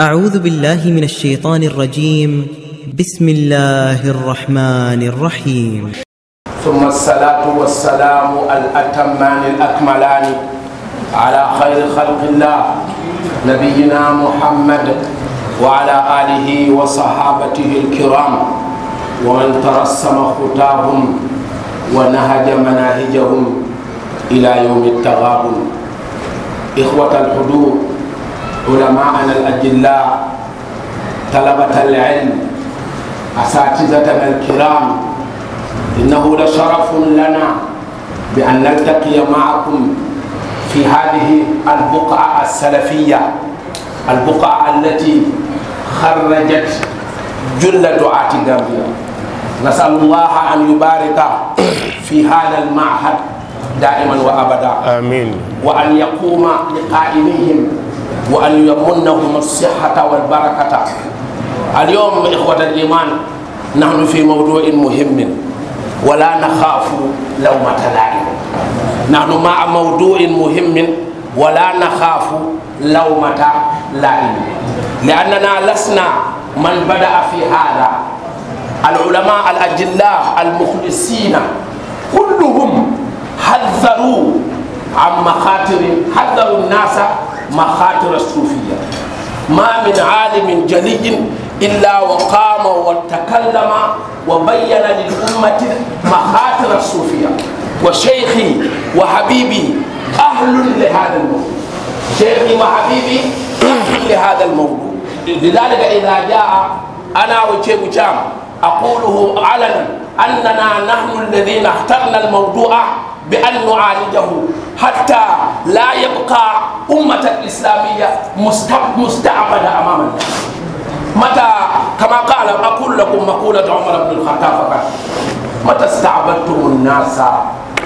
أعوذ بالله من الشيطان الرجيم بسم الله الرحمن الرحيم ثم الصلاة والسلام الأتمان الأكملان على خير خلق الله نبينا محمد وعلى آله وصحابته الكرام ومن ترسم خطاهم ونهج مناهجهم إلى يوم التغابن إخوة الحدود علماءنا الأجلاء طلبة العلم أساتذتنا الكرام إنه لشرف لنا بأن نلتقي معكم في هذه البقعة السلفية البقعة التي خرجت جل دعاة غامبيا نسأل الله أن يبارك في هذا المعهد دائما وأبدا آمين وأن يقوم لقائمهم وأن يمنهم الصحة والبركة اليوم إخوة الإيمان نحن في موضوع مهم ولا نخاف لومة لائم نحن مع موضوع مهم ولا نخاف لومة لائم لأننا لسنا من بدأ في هذا العلماء الأجلاء المخلصين كلهم حذروا عن مخاطر حذروا الناس مخاطر الصوفية ما من عالم جلي إلا وقام وتكلم وبين للأمة مخاطر الصوفية وشيخي وحبيبي أهل لهذا الموضوع شيخي وحبيبي أهل لهذا الموضوع لذلك إذا جاء أنا وشيخ جام أقوله علنا أننا نحن الذين اخترنا الموضوع بأن نعالجه حتى لا يبقى أمة الإسلامية مستعبدة أمام الناس متى كما قال أقول لكم مقولة عمر بن الخطاب متى استعبدتم الناس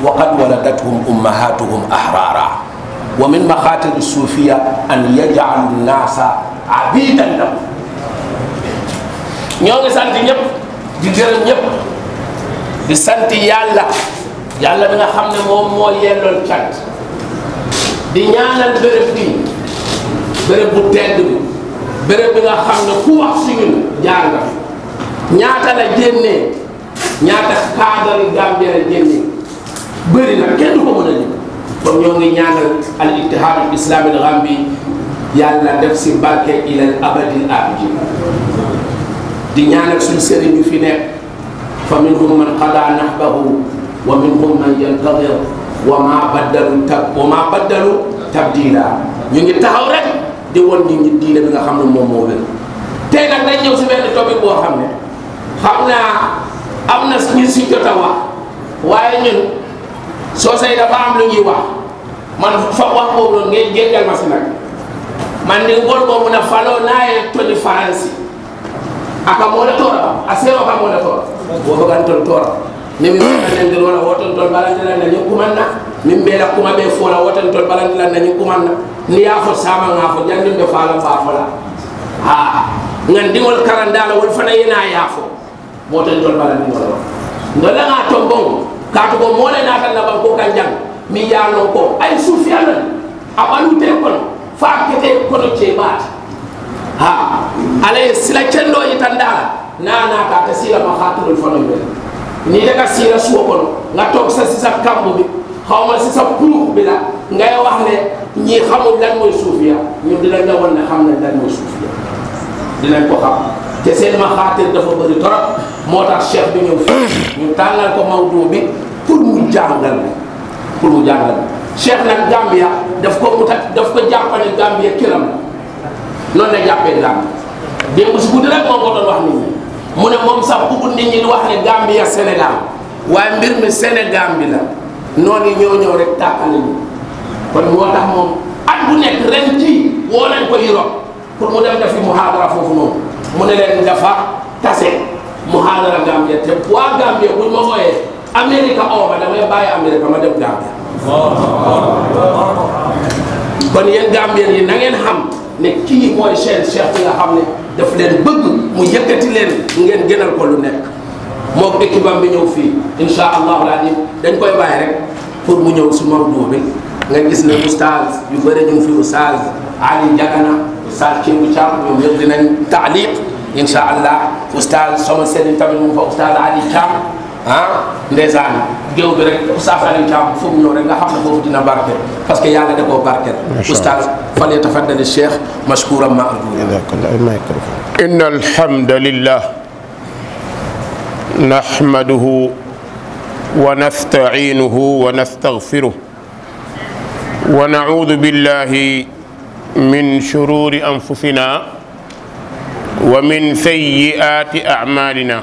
وقد ولدتهم أمهاتهم أحرارا ومن مخاطر الصوفية أن يجعل الناس عبيدا لهم ñoo سانتي نيب دي جيرم نيب دي سانتي يالا yàlla bi nga xam ne moom moo yelloon cant di ñaanal bërëb bi bërëb bu tedd bi bërëb bi nga xam ne ku wax si ñun jaar nga fi ñaata la génnee ñaata kaadari la génnee bëri na kenn du ko mën a lim kon ñoo ngi al ittihadul islami al gambi yàlla def si barke ilal abadil abidin di ñaanal suñu sëriñ fi nekk fa minhum man qada nahbahu ومنهم من ينتظر وما بدلوا تب وما بدلوا تبديلا ñu ngi taxaw rek di won ñu ngi diine bi nga xam ne moom moo wér tey nag boo xam ne xam na si jot a wax waaye ñun soosey dafa am lu ñuy wax man fa wax boobu noonu ngeen jéggal ma si nag man ni ngol boobu na faloo naa ye toli faransi aka moo la toora a seewo ka moo la toora wo bëggan toora ni min ballandir wona woton kumanna min ɓeela kuma ɓe fola woton kumanna ni ya fo fo fola a karandala wol fana yena woton o ndolaga ton bon katugo moole natan naban ko kan jang mi ko ay suufiyanan a ɓalute kono fa kete kono ceebaata ha ala sila cendo na ni daga siira suwa kono nga toog sa si sa kamb bi xaw ma si sa puruux bi la ngay wax ne ñii xamul lan mooy suufiya ñun dinañ la wan xam ne lan dinañ ko xam te seen ma xaatir dafa bëri torop moo tax cheikh bi ñëw fii ñu tànnal ko mawdu bi pour mu jàngal bi pour mu jàngal bi cheikh nag Gambia daf ko muta daf ko jàppale Gambia kiram noonu la jàppee Gambia démb si guddi rek moo ko doon wax nit ñi mu ne moom sax bëggul nit ñi di wax ne Gambia Sénégal waaye mbir mi Sénégal bi la noonu ñoo ñëw rek tàqale ñu kon moo tax moom at bu nekk ren ci woo nañ ko Europe pour mu dem defi muhaadara foofu noonu mu ne leen dafa tase muhaadara Gambia te waa Gambia buñ ma wooyee Amérique oo ma ma dem Gambia kon yéen Gambien yi na ngeen ne kii mooy seen cheikh bi nga xam ne daf leen bëgg mu yëkkati leen ngeen gënal ko lu nekk moom équipe ba bi ñëw fii insha allahu alim dañ koy bàyyi rek pour mu ñëw suma mawdu bi nga gis ne oustaz yu bëri ñu ngi fi oustaz Ali Diakana oustaz Thierno Thiam ñoom ñëpp dinañ taaliq insha allah oustaz sama sëriñ tamit mu fa oustaz Ali Thiam ah ndeysaan géew bi rek saafara caam fu mu ñëw rek nga xam ne foofu dina barke parce que yàlla da koo barke oustaz fal yatafaddal cheikh mashkouran ma ان الحمد لله نحمده ونستعينه ونستغفره ونعوذ بالله من شرور انفسنا ومن سيئات اعمالنا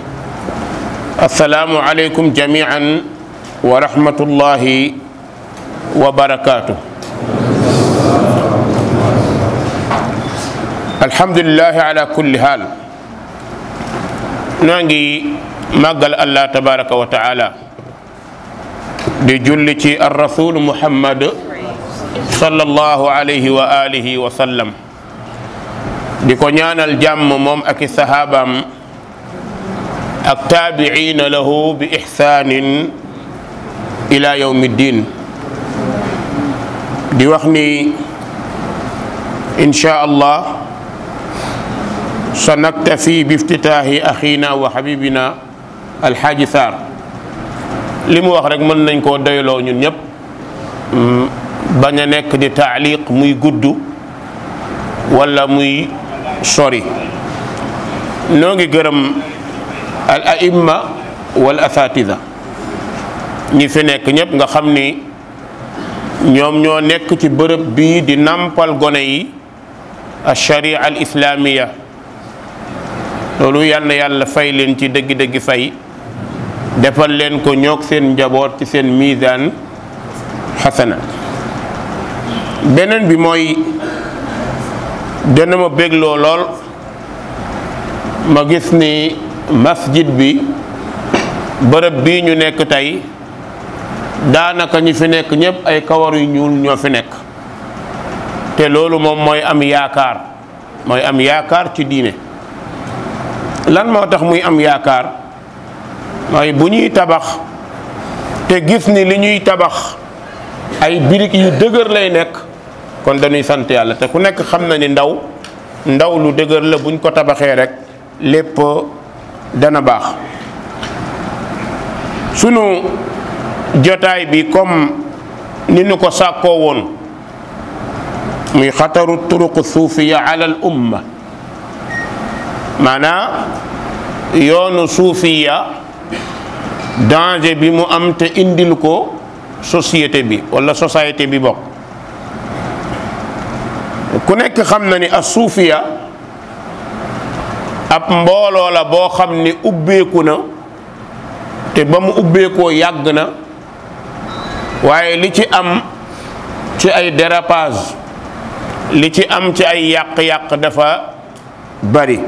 السلام عليكم جميعا ورحمة الله وبركاته الحمد لله على كل حال نانجي ما قال الله تبارك وتعالى دي الرسول محمد صلى الله عليه وآله وسلم دي كنيان الجم موم أكي صحابam التابعين له بإحسان إلى يوم الدين دي وخني إن شاء الله سنكتفي بافتتاح أخينا وحبيبنا الحاج ثار لم أخرج من نكو ديلو نيب بانا نك دي تعليق موي غدو ولا موي سوري نوغي غرم al aimma wal asatida ñi fi nekk ñépp nga xam ni ñoom ñoo nekk ci bërëb bii di nàmpal gone yi al sharia al islaamiya loolu yal yàlla fay leen ci dëgg-dëgg fay defal leen ko ñoog seen njaboot ci seen misaan xasana beneen bi mooy dana ma bégloo lool ma gis ni masjid bi bërëb bii ñu nekk tey daanaka ñu fi nekk ñépp ay kawar yu ñuul ñoo fi nekk te loolu moom mooy am yaakaar mooy am yaakaar ci diine lan moo tax muy am yaakaar mooy bu ñuy tabax te gis ni li ñuy tabax ay birig yu dëgër lay nekk kon dañuy sant yàlla te ku nekk xam na ni ndaw ndaw lu dëgër la buñ ko tabaxee rek lépp dana bax sunu jotay bi comme ni nu ko sàkkoo won muy khataru turuq sufiya ala al umma mana yonu sufiya danger bi mu am te indil ko société bi wala société bi bok ku nek xamna ni as sufiya ab mbooloo la boo xam ne ubbeeku na te ba mu ubbeekoo yàgg na waaye li ci am ci ay dérapage li ci am ci ay yàq-yàq dafa bari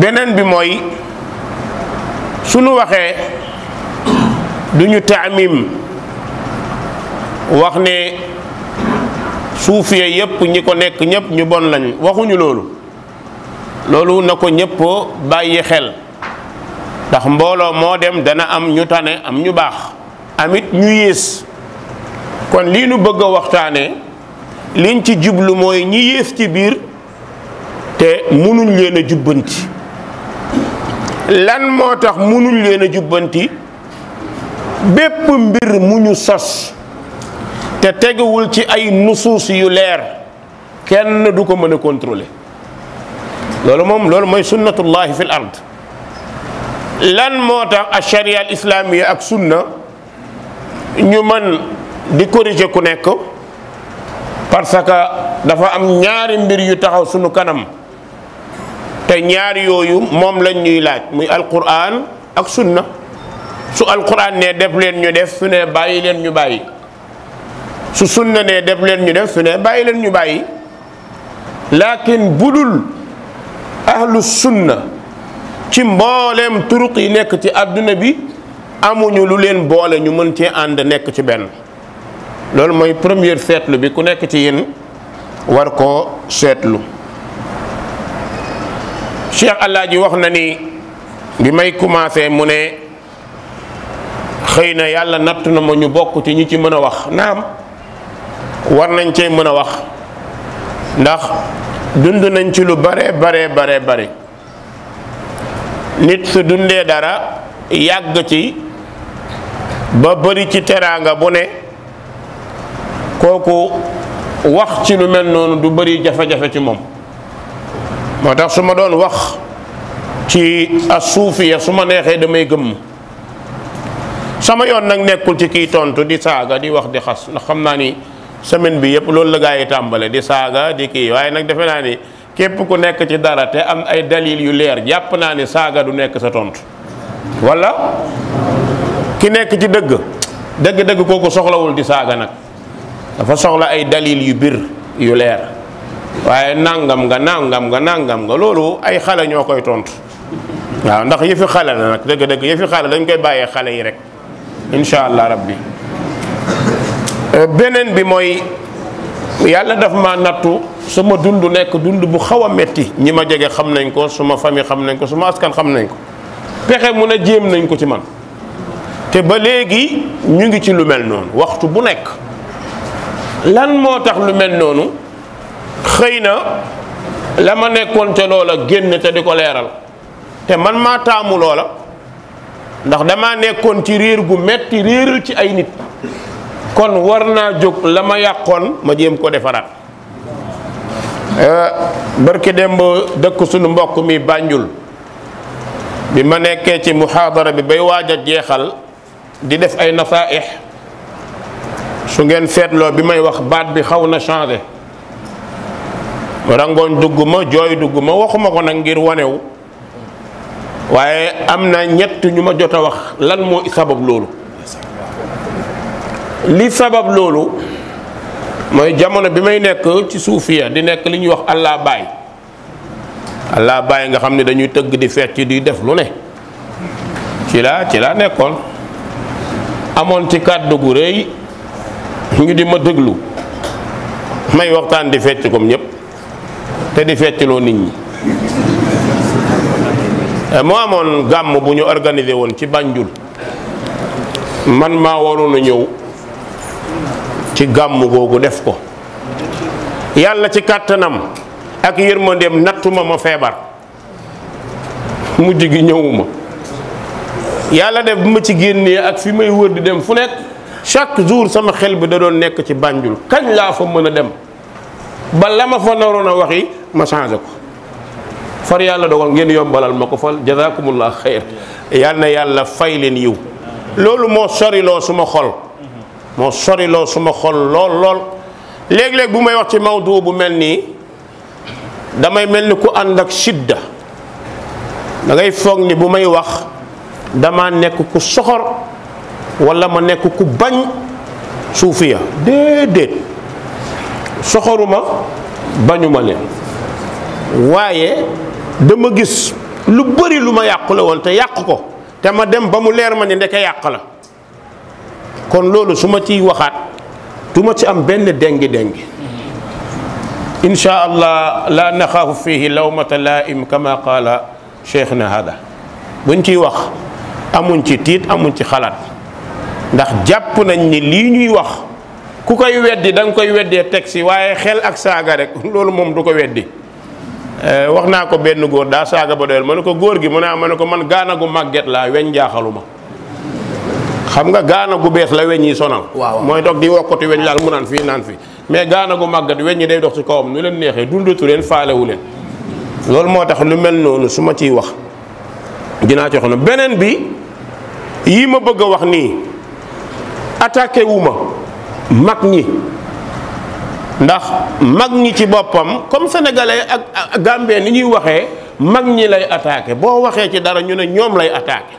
beneen bi mooy sunu waxee du duñu taamim wax ne suuf suufiya yépp ñi ko nekk ñépp ñu bon lañ waxuñu loolu loolu na ko ñëpp bàyyi xel ndax mbooloo moo dem dana am ñu tane am ñu baax amit ñu yées kon lii nu bëgg a waxtaanee liñ ci jublu mooy ñi yées ci biir te munuñ leen a jubbanti lan moo tax munuñ leen a jubbanti bépp mbir mu ñu sos te teguwul ci ay nusuus yu leer kenn du ko mën a contrôler لولو موم لولو موي سنه الله في الارض لان موتا الشريعه الاسلاميه اك سنه ني من دي كوريجي كو نيك بارسكا دا فا ام نياري مبير يو تاخاو سونو كانام تا نيار يويو موم لا نيي لاج موي القران اك سنه سو القران ني ديف لين ني ديف سوني باي لين ني باي سو سنه ني ديف لين ني ديف سوني باي لين ني باي لكن بودول ahlu sunna ci mbooleem turuq yi nekk ci àdduna bi amuñu lu leen boole ñu mën cee ànd nekk ci benn loolu mooy première seetlu bi ku nekk ci yéen war koo seetlu Cheikh ji wax na ni bi may commencé mu ne xëy na yàlla natt na ma ñu bokk ci ñu ci mën a wax naam war nañ cee mën a wax ndax dund nañ ci lu bare bare bare bare nit su dundee dara yàgg ci ba bari ci teraanga bu ne kooku wax ci lu mel noonu du bari jafe-jafe ci moom moo tax su ma doon wax ci a suuf asuufiya su ma neexee damay gëmm sama yoon nag nekkul ci kiy tontu di saaga di wax di xas ndax xam naa ni semaine bi yëpp loolu la gaa yi tàmbale di saaga di kii waaye nag defe naa ni képp ku nekk ci dara te am ay dalil yu leer jàpp naa ni saaga du nekk sa tontu wala ki nekk ci dëgg dëgg-dëgg kooku soxlawul di saaga nag dafa soxla ay dalil yu biir yu leer waaye nangam nga nàngam nga nàngam nga loolu ay xale ñoo koy tontu waaw ndax yëfi xale la nag dëgg-dëgg yëfi xale dañ koy bàyyee xale yi rek incha allah rabbi Euh, beneen bi mooy yàlla daf ma nattu sama dund nekk dund bu xaw a metti ñi ma jege xam nañ ko suma famille xam nañ ko suma askan xam nañ ko pexe mun a jéem nañ ko ci man te ba léegi ñu ngi ci lu mel noonu waxtu bu nekk lan moo tax lu mel noonu xëy na la ma nekkoon ca loola génn te di ko leeral te man maa taamu loola ndax damaa nekkoon ci réer gu metti réeral ci ay nit kon war naa jóg la ma yàqoon ma jéem ko defaraat eh, barki démb dëkk sunu mbokk mi bànjul bi ma nekkee ci muhaadara bi bay waaj a jeexal di def ay nasaaix su ngeen seetloo bi may wax baat bi xaw na changé rangoon dugg ma jooy dugg ma waxuma ko nag ngir wanewu waaye am na ñett ñu ma jot a wax lan moo sabab loolu li sabab loolu mooy jamono bi may nekk ci suufiya di nekk li ñuy wax allah baay allah baay nga xam ne dañuy tëgg di fecc di def lu ne ci laa ci laa nekkoon amoon ci kàddu gu rëy ñu di ma déglu may waxtaan di fecc comme ñëpp te di feccloo nit ñi eh, moo amoon gàmm bu ñu organisé woon ci Banjul man maa waroon a ñëw ci gàmm googu def ko yàlla ci kàttanam ak yërmandeem nattuma ma feebar mujj gi ñëwuma yàlla def bi ma ci génnee ak fi may wër di dem fu nekk chaque jour sama xel bi da doon nekk ci bànjul kañ laa fa mën a dem ba la ma fa naroon a waxi ma changé ko far yàlla dogal ngeen yombalal ma ko fal jazakumullah xeyr yàlla yàlla fay leen yiw loolu moo soriloo suma xol mo sori lo suma xol lol lol leg leg bu may wax ci mawdu bu melni damay melni ku ànd ak sidda da ngay foog ni bu may wax dama nek ku soxor wala ma nek ku bagn soufiya déedéet soxoruma bagnuma len waye dama gis lu bëri luma ma won te yàq ko te ma dem ba mu leer ma ni ndeke yàq la kon loolu su ma ciy waxaat du ma ci am benn déngi-déngi insha allah laa naxaafu fiihi lawmata laaim kama na cheikhna hada buñ ciy wax amuñ ci tiit amuñ ci xalaat ndax jàpp nañ ni lii ñuy wax ku koy weddi da nga koy weddee teg si waaye xel ak saaga rek loolu moom du ko weddi eh, wax naa ko benn góor daa saaga ba doyal ma ne ko góor gi mu ne ah, ma ne ko man gaanagu màgget laa weñ jaaxalu ma xam nga gaana gu bees la weñ yi sonal. waaw mooy toog di wokkati weñ laal mu naan fii naan fii mais gaana gu màggat weñ yi day dox ci kawam nu leen neexee dundatu leen faalewu leen loolu moo tax lu mel noonu su ma ciy wax dinaa ci na beneen bi yii ma bëgg wax nii attaqué wu mag ñi ndax mag ñi ci boppam comme sénégalais ak gambien ni ñuy waxee mag ñi lay attaqué boo waxee ci dara ñu ne ñoom lay attaqué.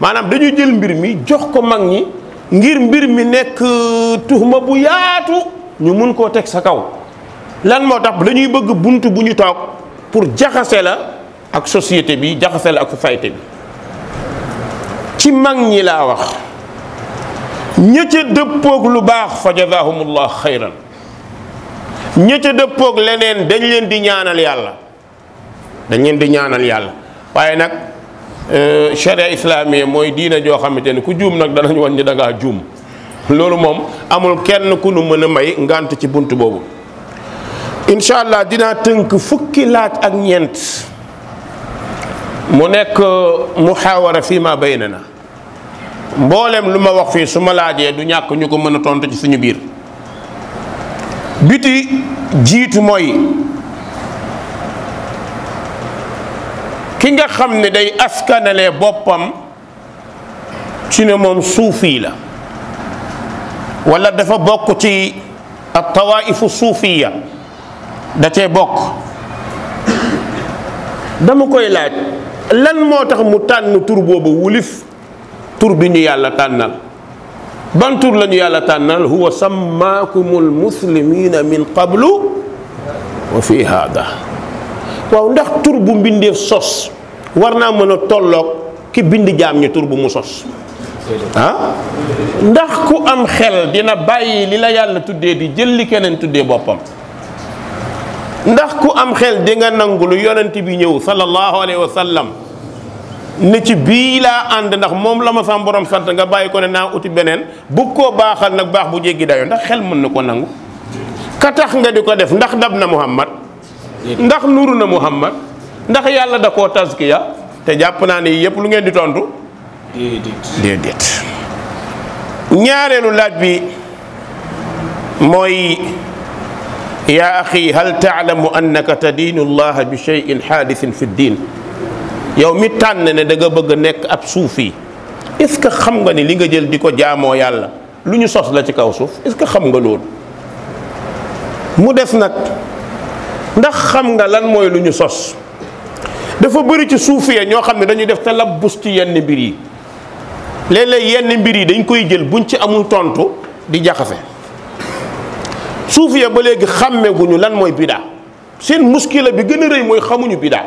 manam dañu jël mbir mi jox ko mag ñi ngir mbir mi nek tuhma bu yaatu ñu mën ko tek sa kaw lan mo tax dañuy bëgg buntu bu ñu toog pour jaxassé la ak société bi jaxassé la ak société bi ci mag ñi la wax ñi ci deppok lu bax fa jazahumullah ñi ci deppok leneen dañ leen di ñaanal yalla dañ leen di ñaanal yalla waye nak charia euh, islamiya mooy diina joo xamante ni ku juum nag danañ ñu ni da ngaa juum loolu moom amul kenn ku nu mën a may ngant ci bunt boobu incha allah dinaa tënk fukki laaj ak ñeent mu nekk euh, muhaawara fii ma bayna na mboolem lu ma wax fii su laajee du ñàkk ñu ko mën a tontu ci suñu biir biti jiitu mooy ki nga xam ne day askanale boppam ci ne moom suufi la wala dafa bokk ci at-tawaifu suufiya da bokk dama koy laaj lan moo tax mu tànn tur boobu wulif tur bi ñu yàlla tànnal ban tur la ñu yàlla tànnal huwa sammaakumul muslimina min qablu wa fi hada waaw ndax tur bu mbindeef sos war naa mën a tolloog ki bind jaam ñi tur bu mu sos ah ndax ku am xel dina bàyyi li la yàlla tuddee di jël li keneen tuddee boppam ndax ku am xel di nga nangu lu yonent bi ñëw sallallahu alayhi wa sallam ne ci bii laa ànd ndax moom la ma sam borom sant nga bàyyi ko ne naa uti beneen bu ko baaxal nag baax bu jéggi dayo ndax xel mën na ko nangu ka tax nga di ko def ndax dab na muhammad ndax nuru na muhammad ndax yàlla da koo taskiya te jàpp naa ne yëpp lu ngeen di tontu. déedéet ñaareelu laaj bi mooy yaa axi hal taalamu annaka tadiinu llaha bi cheyin xaadisin fi diin yow mi tànn ne da nga bëgg a nekk ab suufi est ce que xam nga ni li nga jël di ko jaamoo yàlla lu ñu sos la ci kaw suuf est ce que xam nga loolu mu des nag ndax xam nga lan mooy lu ñu sos dafa bëri ci suufiya ñoo xam ne dañuy def te labbus ci yenn mbir yi léeg-léeg yenn mbir yi dañ koy jël buñ ci amul tontu di jaxase suufiya ba léegi xàmmeeguñu lan mooy bidaa seen muskila bi gën a rëy mooy xamuñu bidaa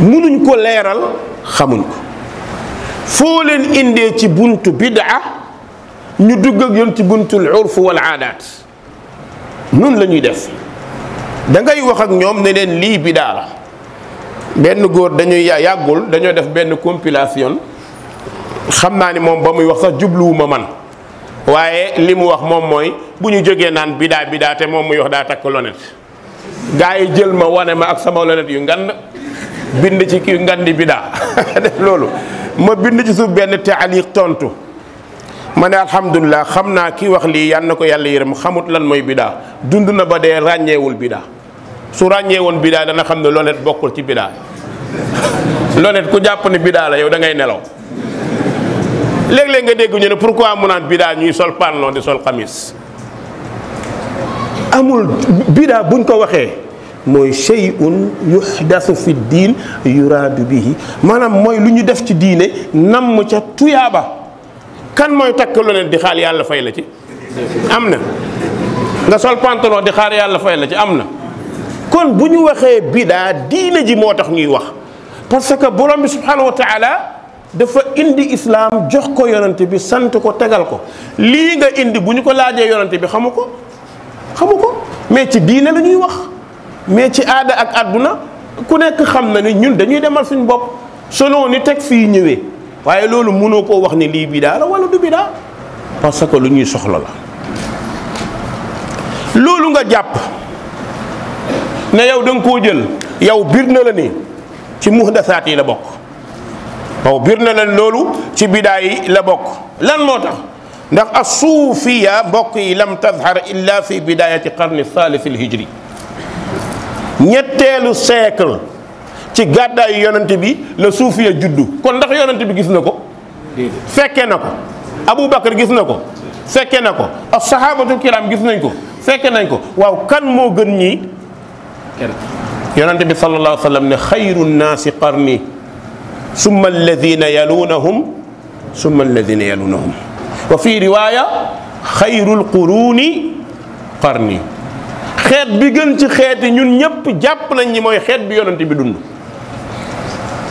munuñ ko leeral xamuñ ko foo leen indee ci buntu bidaa ñu dugg ak yoon ci buntul urf wal aadaat nun lañuy def dangay wax ak ñoom ne leen lii bidaa la benn góor dañuy yàggul dañoo def benn compilation xam naa ni moom ba muy wax sax jubluwuma man waaye li mu wax moom mooy bu ñu jógee naan bidaa bidaa te moom muy wax daa takk lonet gaa yi jël ma wane ma ak sama lonet yu ngand bind ci ki ngandi bidaa def loolu ma bind ci suuf benn taaliq tontu ma ne alhamdulilah xam naa ki wax lii yal na ko yàlla yërëm xamut lan mooy bidaa dund na ba dee ràññeewul bidaa su ràññee woon bidaa dana xam ne lonet bokkul ci bidaa lonet ku jàpp ni bidaa la yow da ngay nelaw léeg-léeg nga dégg ñu ne pourquoi mu naan bidaa ñuy sol panlon di sol xamis amul bidaa buñ ko waxee mooy sheyun yuxdasu fi diin yuraadu bihi maanaam mooy lu ñu def ci diine namm ca tuyaaba kan mooy takk lonet di xaar yàlla fay la ci am na nga sol pantalon di xaar yàlla fay la ci am kon bu ñu waxee bidaa diine ji moo tax ñuy wax parce que borom bi subhanahu wa taala dafa indi islaam jox ko yonante bi sant ko tegal ko lii nga indi bu ñu ko laajee yonante bi xamu ko xamu ko mais ci diine la ñuy wax mais ci aada ak àdduna ku nekk xam na ni ñun dañuy demal suñu bopp selon ni teg fii ñëwee waaye loolu mënoo koo wax ni lii bidaa la wala du bidaa parce que lu ñuy soxla la loolu nga jàpp ne yow dang ko jël yow bir na la ni ci muhdathati la bok waaw bir na la loolu ci bidaa la bok lan motax ndax as-sufiya bok yi lam tazhar illa fi bidayati al thalith al-hijri ñettelu siècle ci gàddaayu yonent bi le sufiya juddu kon ndax yonent bi gis nako fekke nako ko bakr gis nako fekke nako as sahabatu kiram gis nañ ko fekke nañ ko waaw kan mo gën ñi يرانتي صلى الله عليه وسلم خير الناس قرني ثم الذين يلونهم ثم الذين يلونهم وفي رواية خير القرون قرني خير بيجن خير نيون نيب جاب لا ني موي خير بي يونتي بي دوند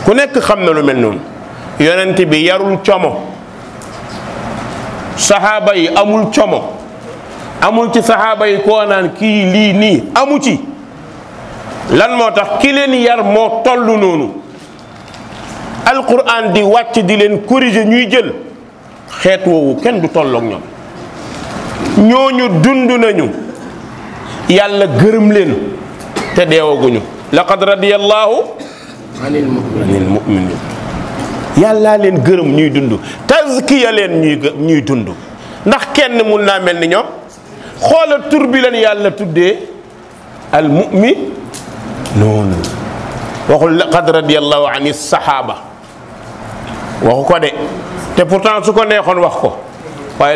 كو نيك خامنا لو مل نون يونتي بي يارول تيومو صحابه امول تيومو امول تي صحابه كو كي لي ني امو تي lan moo tax ki leen yar moo toll noonu alquran di wàcc di leen corriger ñuy jël xeet woowu kenn du tolloog ñoom ñooñu dund nañu yàlla gërëm leen te deewaguñu laqad radiyallahu anil mu'minin yàllaa leen gërëm ñuy dund tazkiya leen ñuy ñuy dund ndax kenn mun naa mel ni ñoom xoola tur bi leen yàlla tuddee al نون وقل لقد رضي الله عن الصحابه وخو دي تي pourtant سوكو نيهون واخكو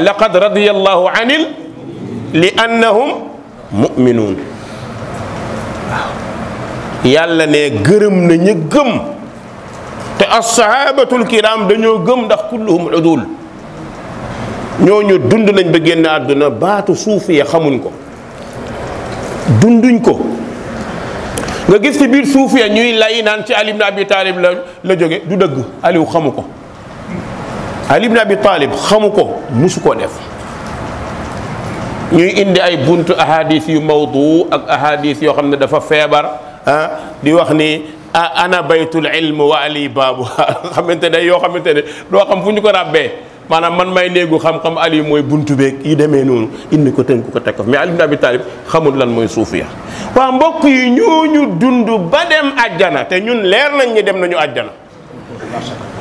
لقد رضي الله عن لانهم مؤمنون يالا ني گرم نا ني گم تي الصحابه الكرام دانيو گم داخ كلهم عدول ñoñu dund nañ ba génn àdduna baatu suuf ya nga gis ci biir suuf ya ñuy lay naan ci ali ibn abi talib la la jóge du deug Ali xamu ko ali ibn abi talib xamuko musuko def ñuy indi ay buntu ahadith yu mawdu ak ahadith yo xamne dafa febar ah di wax ni ana baytul ilm wa ali babu xamantene yo xamantene do xam fuñu ko rabbe maanaam man may néegu xam-xam ali mooy buntu beeg yi demee noonu indi ko tënk ko teg ko mais ali ibn abi talib xamul lan mooy suufiya waaw mbokk yi ñooñu dund ba dem ajjana te ñun leer nañ ñi dem nañu ajjana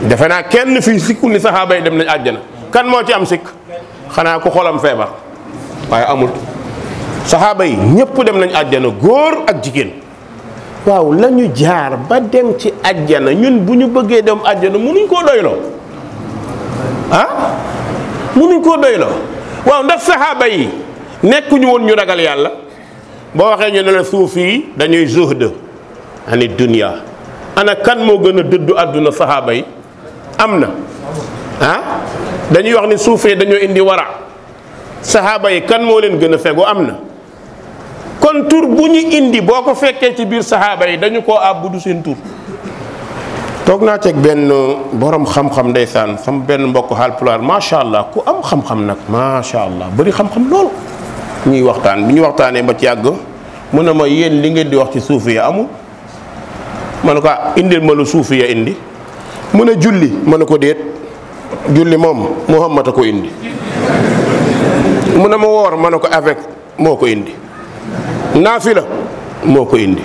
defe naa kenn fii sikkul ni saxaaba yi dem nañu ajjana kan moo ci am sikk xanaa ku xolam feebar waaye amul saxaaba yi ñépp dem nañu ajjana góor ak jigéen waaw lañu jaar ba dem ci ajjana ñun bu ñu bëggee dem ajjana mënuñ koo doyloo ah munuñ koo doyloo waaw ndax saxaaba yi nekkuñu woon ñu ragal yàlla boo waxee ñu ne la suuf yi dañuy zuhd ani dunia ana kan moo gën a dëddu àdduna saxaaba yi am na ah dañuy wax ne suufee dañoo indi wara saxaaba yi kan moo leen gën a fegu am na kon tur bu ñu indi boo ko fekkee ci biir saxaaba yi dañu koo àbbu du seen tur toog naa ceeg benn boroom xam-xam ndeysaan sama benn mbokk Haalpulaar macha allah ku am xam-xam nag macha allah bëri xam-xam lool ñuy waxtaan bi ñu waxtaanee ba ci yàgg mu ne ma yéen li ngeen di wax ci suufi ya amul ma ne ko ah, indil ma lu ya indi mu ne julli ma ne ko déet julli moom Muhammad a ko indi mu ne ma woor ma ne ko avec moo ko indi naafila moo ko indi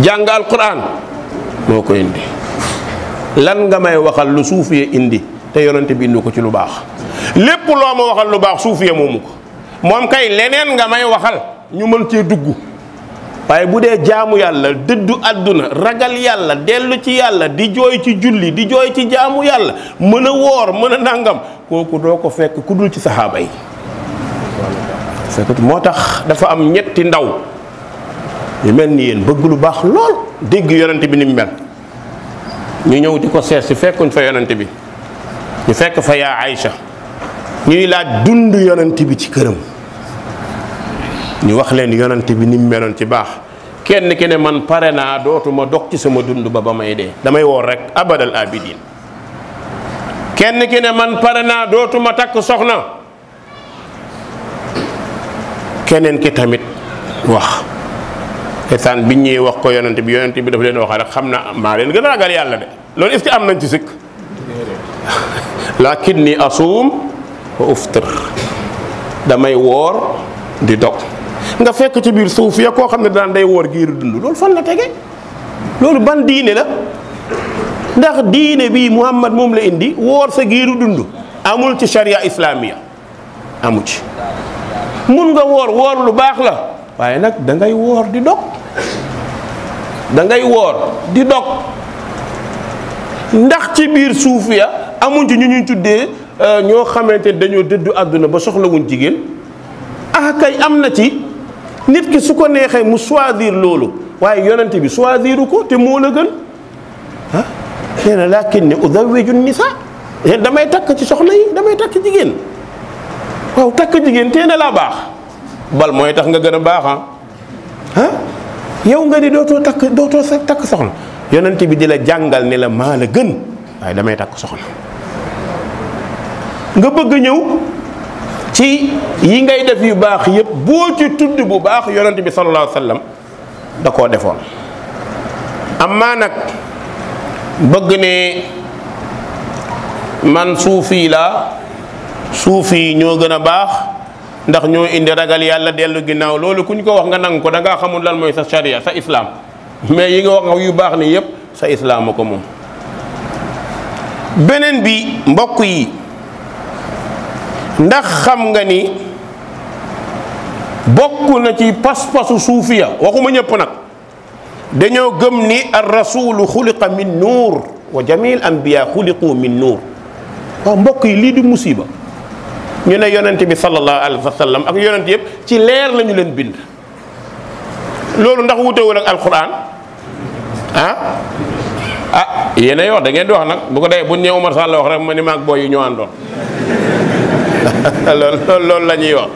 jàng alquran moo ko indi lan nga may waxal lu suufiye indi te yonente bi indi ko ci lu baax lépp loo ma waxal lu baax suuf suufiye moomu ko moom kay leneen nga may waxal ñu mën cee dugg waaye bu dee jaamu yàlla dëddu àdduna ragal yàlla dellu ci yàlla di jooy ci julli di jooy ci jaamu yàlla mën a woor mën a nàngam kooku doo ko fekk ku dul ci saxaaba yi moo tax dafa am ñetti ndaw yu mel ni yéen bëgg lu baax lool dégg yonent bi ni mu mel ñu ñëw di ko seet si fekkuñ fa yonent bi ñu fekk fa yaa Aïcha ñuy laaj dund yonent bi ci këram ñu wax leen yonent bi ni meloon ci baax kenn ki ne man pare naa dootuma dog ci sama dund ba ba may dee damay woor rek abadal abidin kenn ki ne man pare naa dootuma takk soxna keneen ki tamit wax esaan biñ ñuy wax ko yonent bi yonent bi dafa leen wax rek xam na maa leen gën a ragal yàlla de loolu est ce que am nañ ci sikk lakin ni asuum wa uftir damay woor di dog nga fekk ci biir suuf ya koo xam ne daan day woor giiru dund loolu fan la tege loolu ban diine la ndax diine bi muhammad moom la indi woor sa giiru dund amul ci sharia islamiya amu ci mun nga woor woor lu baax la waaye nag dangay ngay woor di dog dangay woor di dog ndax ci biir suuf ya amuñ ci ñu ñuy tuddee euh, ñoo xamante dañoo dëddu àdduna ba soxlawuñ jigéen ah am na ci nit ki su ko neexee mu soisir loolu waaye yonent bi choisiru ko te moo la gën ah nee na laakin ne ni nisa damay takk ci soxna yi damay takk jigéen waaw takk jigéen tee na laa baax bal mooy tax nga gën a baax ah yow nga ni dootoo takk dootoo sa takk soxna yonent bi di la jàngal ni la maa la gën waaye damay takk soxna nga bëgg ñëw ci yi ngay def yu baax yépp boo ci tudd bu baax yonent bi sallallahu alayhi wa da koo defoon amaa nag bëgg ne man suufi laa suufi ñoo gën a baax ndax ñoo indi ragal yàlla dellu ginnaaw loolu ku ñu ko wax nga nangu ko dangaa ngaa xamul lan mooy sa charia sa islam mais yi nga wax yu baax ni yëpp sa islaam ko moom. beneen bi mbokk yi ndax xam nga ni bokk na ci pas-pasu suufiya waxuma ñëpp nag dañoo gëm ni ar rasulu xuliqa min nuur xuliqu min nuur waaw mbokk yi lii di musiba. ñu ne yonent bi sallallahu alayhi wa sallam ak yonent yëpp ci leer la ñu leen bind loolu ndax wutewul ak alquran ah ah yéen yoon dangeen di wax nag bu ko dee bu ñëw Umar Sall wax rek ma ni maag booy yi ñoo àndoon loolu loolu la ñuy wax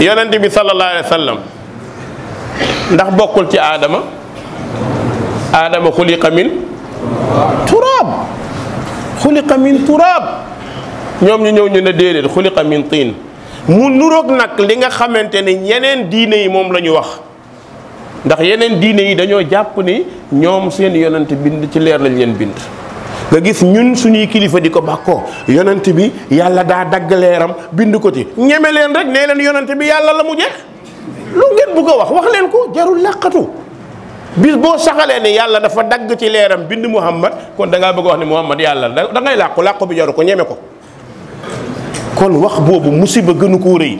yonent bi sallallahu alayhi wa sallam ndax bokkul ci aadama aadama xuliqa min turaab xuliqa min turaab ñoom ñu ñëw ñu ne déedéet xuliqa min tiin mu nuroog nag li nga xamante ne ñeneen diine yi moom la ñu wax ndax yeneen diine yi dañoo jàpp ni ñoom seen yonent bind ci leer lañ leen bind nga gis ñun suñuy kilifa di ko bàkkoo yonent bi yàlla daa dagg leeram bind ko ci ñeme leen rek nee leen yonent bi yàlla la mu jeex lu ngeen bugg a wax wax leen ko jarul làqatu bis boo saxalee ne yàlla dafa dagg ci leeram bind muhammad kon da ngaa bëgg a wax ne muhammad yàlla da ngay làqu làqu bi jaru ko ñeme ko kon wax boobu musiba gënu koo rëy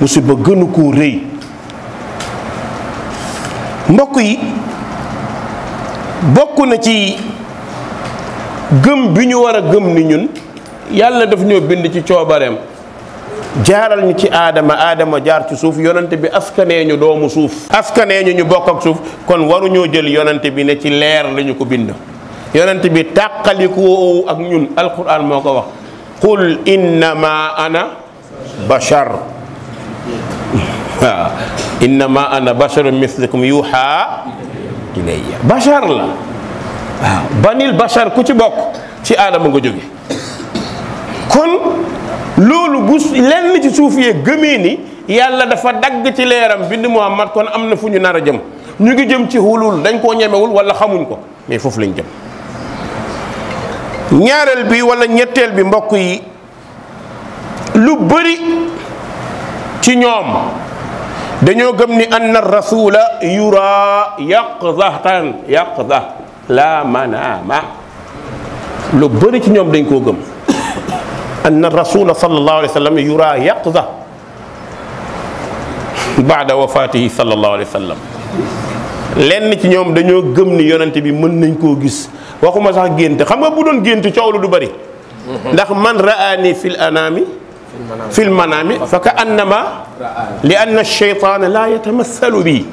musiba gënu koo rëy mbokk yi bokk na ci gëm bi ñu war a gëm ni ñun yàlla daf ñoo bind ci coobareem jaaral ñu ci aadama aadama jaar ci suuf yonante bi askanee ñu doomu suuf askanee ñu ñu bokk ak suuf kon waruñoo jël yonante bi ne ci leer lañu ko bind yonante bi tàqalikoo ak ñun alquran moo ko wax qul innama ana bashar waaw innama ana basharun mislukum yuha ilayya bashar la waaw banil bashar ku ci bokk ci aadama nga jóge kon loolu bu lenn ci suuf yee gëmee ni yàlla dafa dagg ci leeram bind Muhammad kon am na fu ñu nar a jëm ñu ngi jëm ci hulul dañ koo ñemewul wala xamuñ ko mais foofu lañ jëm ñaareel bi wala ñetteel bi mbokk yi lu bari ci ñoom dañoo gëm ni anna rasula yura yaqzatan yaqza la manama lu bëri ci ñoom dañ koo gëm anna rasula sallallahu alayhi wa sallam yura yaqza baada wafatihi sallallahu alayhi wa lenn ci ñoom dañoo gëm ni yonente bi mën nañ koo gis waxuma sax gént xam nga bu doon gént coow du bari ndax man raani fil anami fil manami fa ka annama li anna cheytaana la yatamassalu bi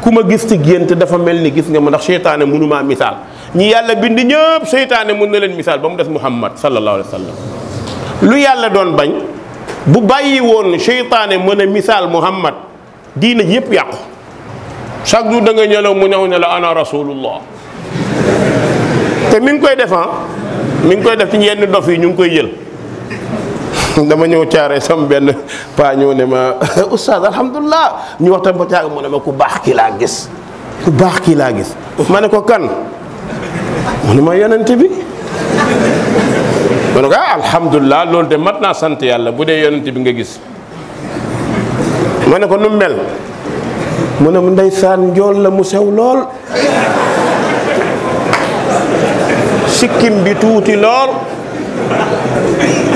ku ma gis ci gént dafa mel ni gis nga ma ndax cheytaane mënumaa misaal ñi yàlla bind ñëpp cheytaane mën na leen misaal ba mu des muhammad sallallahu alayhi wa sallam lu yàlla doon bañ bu bàyyi woon cheytaane mën a misaal muhammad diina yëpp yàqu chaque jour da nga ñëlaw mu ñëw ne ana rasulullah té mi ngi koy def ah mi ngi koy def ci yenn dof yi ñu ngi koy jël dama ñëw ciaré sam ben pa ñëw né ma oustad alhamdullah ñu waxtam ba caag mu né ma ku bax ki la gis ku bax ki la gis mané ko kan mu ne ma yonente bi ma ko ah, alhamdullah lool de mat naa bu dé yonente bi nga gis mané ko nu mel mu ne mu saan njool la mu sew lool sikkim bi tuuti lool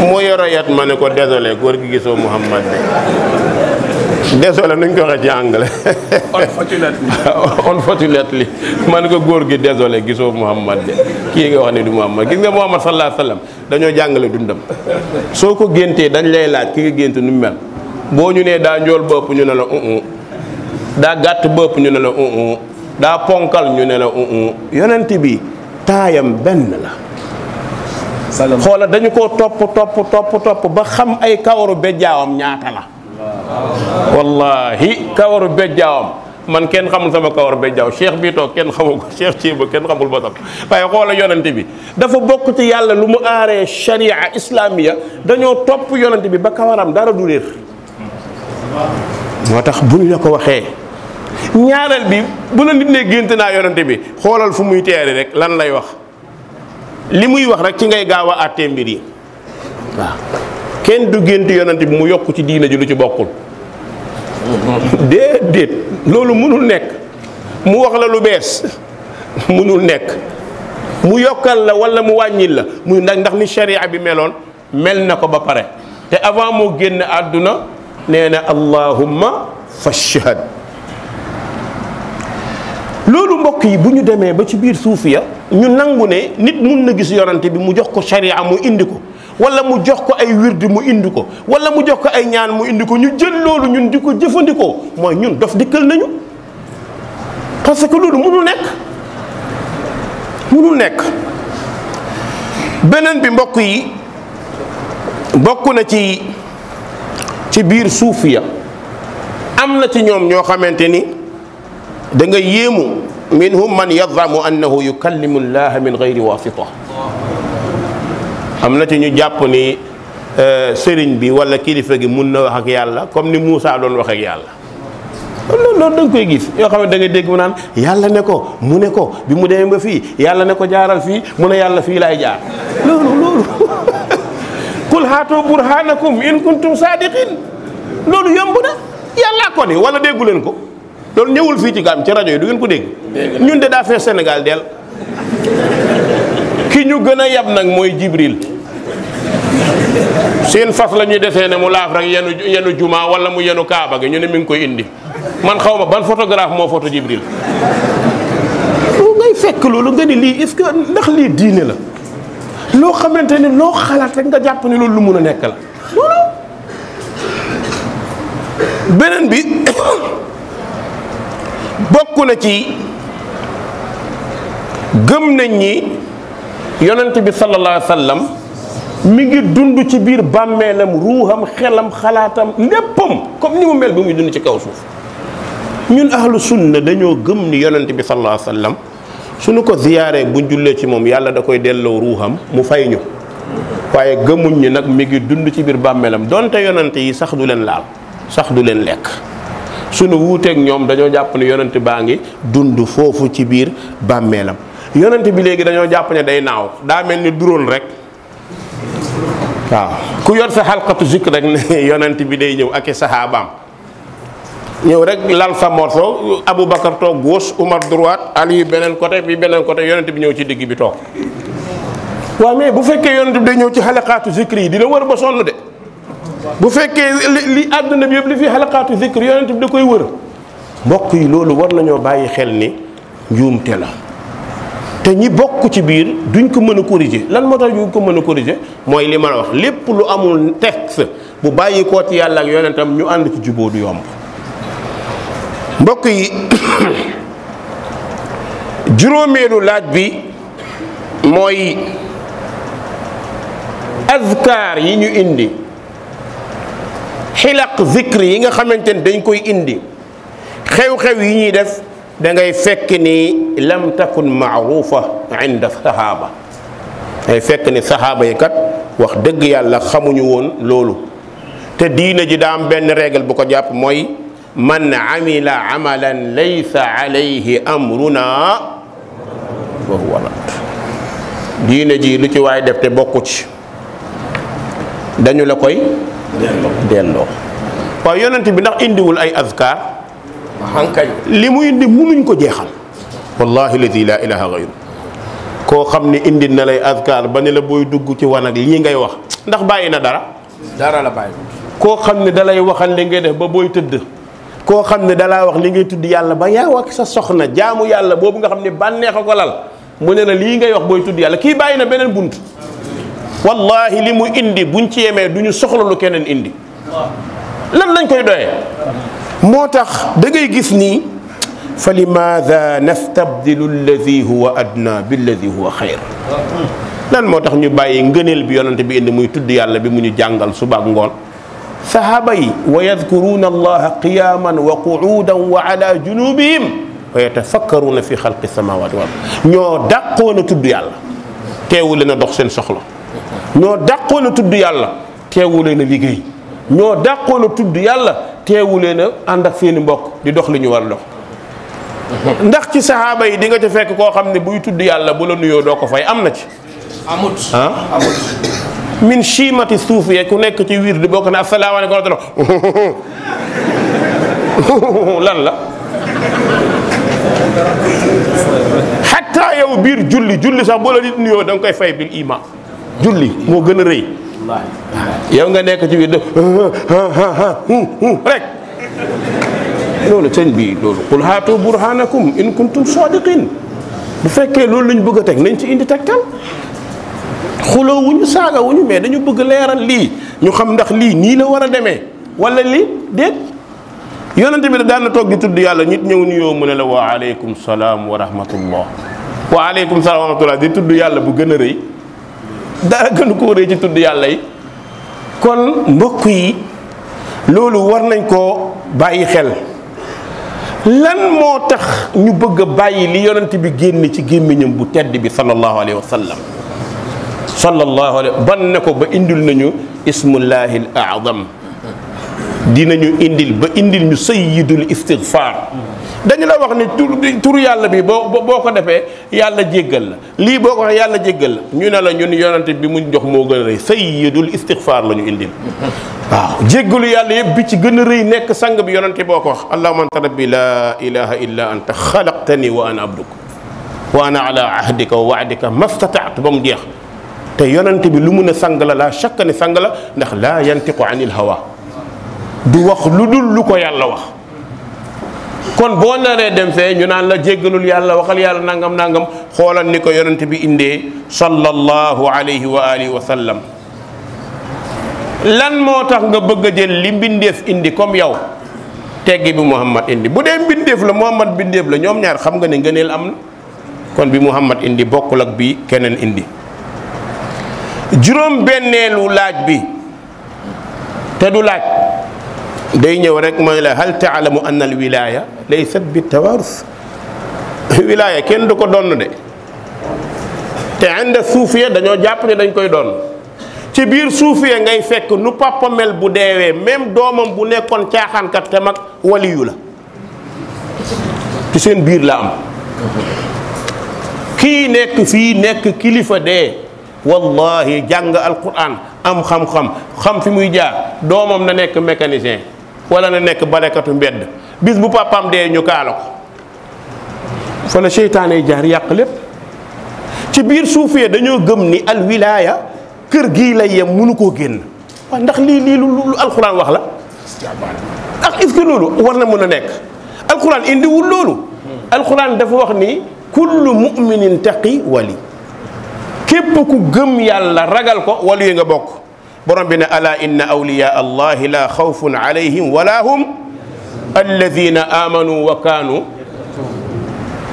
mu yoro yat ma ne ko désolé góor gi gisoo Muhammad de désolé nuñ ko waxee ci anglais unfortunately ma ne ko góor gi désolé gisoo Muhammad de kii nga wax ne du Muhammad gis nga Muhammad sallallahu alayhi wa sallam dañoo jàngale dundam soo ko géntee dañ lay laaj ki nga gént nu mu mel boo ñu nee daa njool bopp ñu ne la uh-uh. daa gàtt bëpp ñu ne la un daa ponkal ñu ne la un yonent bi taayam benn la xoola dañu ko topp topp topp topp ba xam ay kawaru bejjaawam ñaata la wallahi kawaru bejjaawam man kenn xamul sama kawar bejjaaw cheikh bii toog kenn xamul ko cheikh kenn xamul ba tam waaye xoola yonent bi dafa bokk ci yàlla lu mu aaree sharia islamiya dañoo topp yonent bi ba kawaram dara du réer moo tax buñ la ko waxee ñaareel bi bu na nit ne gént naa yonante bi xoolal fu muy teere rek lan lay wax li muy wax rek ci ngay gaaw a àttee mbir yi kenn du gént yonante bi mu yokk ci diina ji lu ci bokkul déedéet loolu mënul nekk mu wax la lu bees mënul nekk mu yokkal la wala mu wàññil la muy ndax ndax ni sharia bi meloon mel na ko ba pare te avant moo génn àdduna nee na allahumma fashhad loolu mbokk yi bu ñu demee ba ci biir suuf ya ñu nangu ne nit mun na gis yonante bi mu jox ko sharia mu indi ko wala mu jox ko ay wirdi mu indi ko wala mu jox ko ay ñaan mu indi ko ñu jël loolu ñun di ko jëfandikoo mooy ñun dof dikkal nañu parce que loolu mënul nekk mënul nekk beneen bi mbokk yi bokk na ci ci biir suuf ya am na ci ñoom ñoo xamante ni دنگا ييمو منهم من يظلم انه يكلم الله من غير واسطه امنا تي ني جاب ني سيرين بي ولا كليفا غي مننا واخك يالا كوم ني موسى دون واخك يالا لول لول دنگ كوي غيس يو خامي دنگا ديغ مونان يالا نيكو مو نيكو بي مو ديم با في يالا نيكو جارال في مو ن يالا في لاي جار لول لول قل هاتوا برهانكم ان كنتم صادقين لول يمبنا يالا كوني ولا ديغولن كو loolu ñëwul fii ci gaam ci rajo yi du ngeen ko dégg. ñun de daa fee Sénégal del ki ñu gën a yab nag mooy Jibril seen fas la ñuy desee ne mu laaf rek yenu jumaa juma wala mu yenu kaaba gi ñu ne mi ngi koy indi man xaw ma ban photographe moo photo Jibril. ngay fekk loolu nga ni lii est-ce que ndax lii diine la loo xamante ne loo xalaat rek nga jàpp ne loolu lu mun a nekk la beneen bi. bokk na ci gëm nañ ñi yonent bi sallallahu alayhi wa sallam mi ngi dund ci biir bàmmeelam ruuxam xelam xalaatam léppam comme ni mu mel bi muy dund ci kaw suuf ñun ahlu sunna dañoo gëm ni yonent bi sallallahu alayhi wa sallam suñu ko ziyaaree bu jullee ci moom yàlla da koy delloo ruuxam mu fay ñu waaye gëmuñ ñi nag mi ngi dund ci biir bàmmeelam donte yonent yi sax du leen laal sax du leen lekk sunu wuuteeg ñoom dañoo jàpp ne yonent baa ngi dund foofu ci biir bàmmeelam yonent bi léegi dañoo jàpp ne day naaw daa mel ni drone rek waaw ku yor sa xalqatu zikr rek ne yonent bi day ñëw ak i saxaabaam ñëw rek lal sa morso Abu Bakar toog gauche Umar droite Ali beneen côté bi beneen côté yonent bi ñëw ci digg bi toog waaw mais bu fekkee yonent bi day ñëw ci xalaqaatu zikri yi di la ba sonn de bu fekkee li àdduna bi yëpp li fi xalaqaatu zikr yonent bi da koy wër mbokk yi loolu war nañoo bàyyi xel ni njuumte la te ñi bokk ci biir duñ ko mën a corriger lan moo tax duñ ko mën a corriger mooy li ma la wax lépp lu amul texte bu bàyyi koo ci yàlla ak yonentam ñu ànd ci juboo du yomb mbokk yi juróomeelu laaj bi mooy azkaar yi ñu indi xilaq zikri yi nga xamante ni dañ koy indi xew-xew yi ñuy def da ngay fekk ni lam takun maarufa inda sahaaba day fekk ni sahaaba yi kat wax dëgg yàlla xamuñu woon loolu te diina ji daa am benn règle bu ko jàpp mooy man amila amalan laysa alayhi amruna wa huwa rad diina ji lu ci waay def te bokku ci dañu la koy delloo waaw yonent bi ndax indiwul ay azkar xankañ li mu indi munuñ ko jeexal wallahi ladi laa ilaha gayru koo xam ne indi na lay azkar ba ne la booy dugg ci wanag lii ngay wax ndax bàyyi na dara dara la bàyyi koo xam ne dalay waxal li ngay def ba booy tëdd koo xam ne dalaa wax li ngay tudd yàlla ba yaa ak sa soxna jaamu yàlla boobu nga xam ne bànneex a ko lal mu ne la lii ngay wax booy tudd yàlla kii bàyyi na beneen bunt والله لمو اندي بونتي يمي دوني سخلو لو كنن اندي لن لن كي دوي موتخ دقي قسني فلماذا نستبدل الذي هو أدنى بالذي هو خير لن موتخ ني باي نغنيل بيون انت بي اندي مو يتد يالا بي مو جانغال سوبا غون صحابي ويذكرون الله قياما وقعودا وعلى جنوبهم ويتفكرون في خلق السماوات والارض ньо داكو نتود يالا تيول لنا دوخ سين سخلو ñoo dàqoon a tudd yàlla teewu leen a liggéey ñoo dàqoon tudd yàlla teewu leen ànd ak seeni mbokk di dox li ñu war dox ndax ci saxaaba yi di nga ca fekk koo xam ne buy tudd yàlla bu la nuyoo doo ko fay am na ci amut ah? min chiimati suuf yee ku nekk ci wiir di bokk ne asalaamaaleykum wa rahmatulah lan la xataa yow biir julli julli sax bu la nit nuyoo da nga koy fay bil iman julli mo gëna a rëy yow nga nek ci biir rek lolu sëñ bi lolu qul hatu burhanakum in kuntum sadiqin bu fekke lolu lañ bëgg tek nañ ci indi tegtal xulo wuñu saga wuñu mais dañu bëgg leral li ñu xam ndax li ni la wara démé wala li deet yonent bi daan na di tuddu yalla nit ñu nuyoo mu ne la wa alaykum salam wa rahmatullah wa alaykum salam wa rahmatullah di tuddu yalla bu gëna a dara gënu ko rëy ci tudd yàlla yi kon mbokk yi loolu war nañ ko bàyyi xel lan moo tax ñu bëgg a bàyyi li yonent bi génn ci gémmiñam bu tedd bi sallallahu alayhi wa sallam sallallahu alayhi ban ne ko ba indil nañu ismullahi al aadam dinañu indil ba indil ñu sayyidul istighfar dañ la wax ni tour tur yàlla bi boko defé yàlla jéggal la li boko ko yàlla jéggal ñu ne la ñun yonante bi mu jox mo gën reuy sayyidul istighfar lañu indi waaw jéggalu yàlla yeb bi ci gën reuy nek sang bi yonante boo ko wax allahumma anta rabbi la ilaha illa anta khalaqtani wa ana abduk wa ana ala ahdika wa wa'dika mastataat bam mu jeex te yonante bi lu mu ne sang la la chaque ne sang la ndax la yantiqu anil hawa du wax lu dul lu ko yàlla wax kon boo naree dem fee ñu naan la jéggalul yàlla waxal yàlla nangam nangam xoolal ni ko yonent bi indee sallallahu alayhi wa alihi sallam lan moo tax nga bëgg a jël li mbindeef indi comme yow teggi bi Muhammad indi bu dee mbindeef la Muhammad mbindeef la ñoom ñaar xam nga ne ngëneel am kon bi Muhammad indi bokkul ak bi keneen indi juróom benneelu laaj bi te du laaj day ñëw rek mooy la hal taalamu anna al wilaya laysat bi tawarus wilaya kenn du ko donn de te ànd suufiya dañoo jàpp ne dañ koy donn ci biir suufiya ngay fekk nu papa mel bu deewee même doomam bu nekkoon caaxaankat te mag waliyu la ci seen biir la am kii nekk fii nekk kilifa dee wallahi jàng alquran am xam-xam xam fi muy jaar doomam na nekk mécanicien wala na nek balekatu mbedd bis bu papam de ñu kaalo fa la seytaane jaar yàq lépp ci bir suufee dañu gëm ni al wilaya kër gi la yem mënu ko génn waaye ndax li li lu lu alxuraan wax la ak est-ce lolu war na mën a nekk alxuraan indiwul loolu alxuraan dafa wax ni كل مؤمن تقي ولي كيف كو gëm يالا ragal كو ولي nga bokk برم بنا ألا إن أولياء الله لا خوف عليهم ولا هم الذين آمنوا وكانوا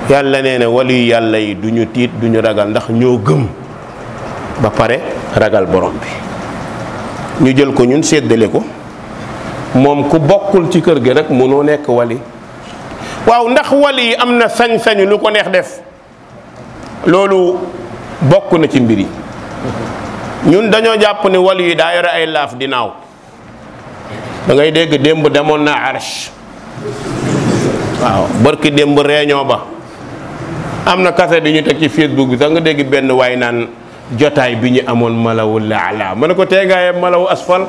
يالا نينا ولي يالا دنيو تيت دنيو رغال نخ نيو غم با باري رغال بروم بي ني جيل كو نون سيدلي كو موم كو بوكول سي كير غي رك مونو نيك ولي واو نخ ولي امنا سان سان لوكو نيه ديف لولو بوكو نتي مبيري ñun dañoo jàpp ni wàllu yi daa yore ay laaf di naaw dangay dégg démb demoon na arsh waaw barki démb réunion ba am na kaset di ñu teg ci facebook bi sax nga dégg benn waay naan jotaay bi ñu amoon malawul laala ma ne ko teegaayam malawu asfal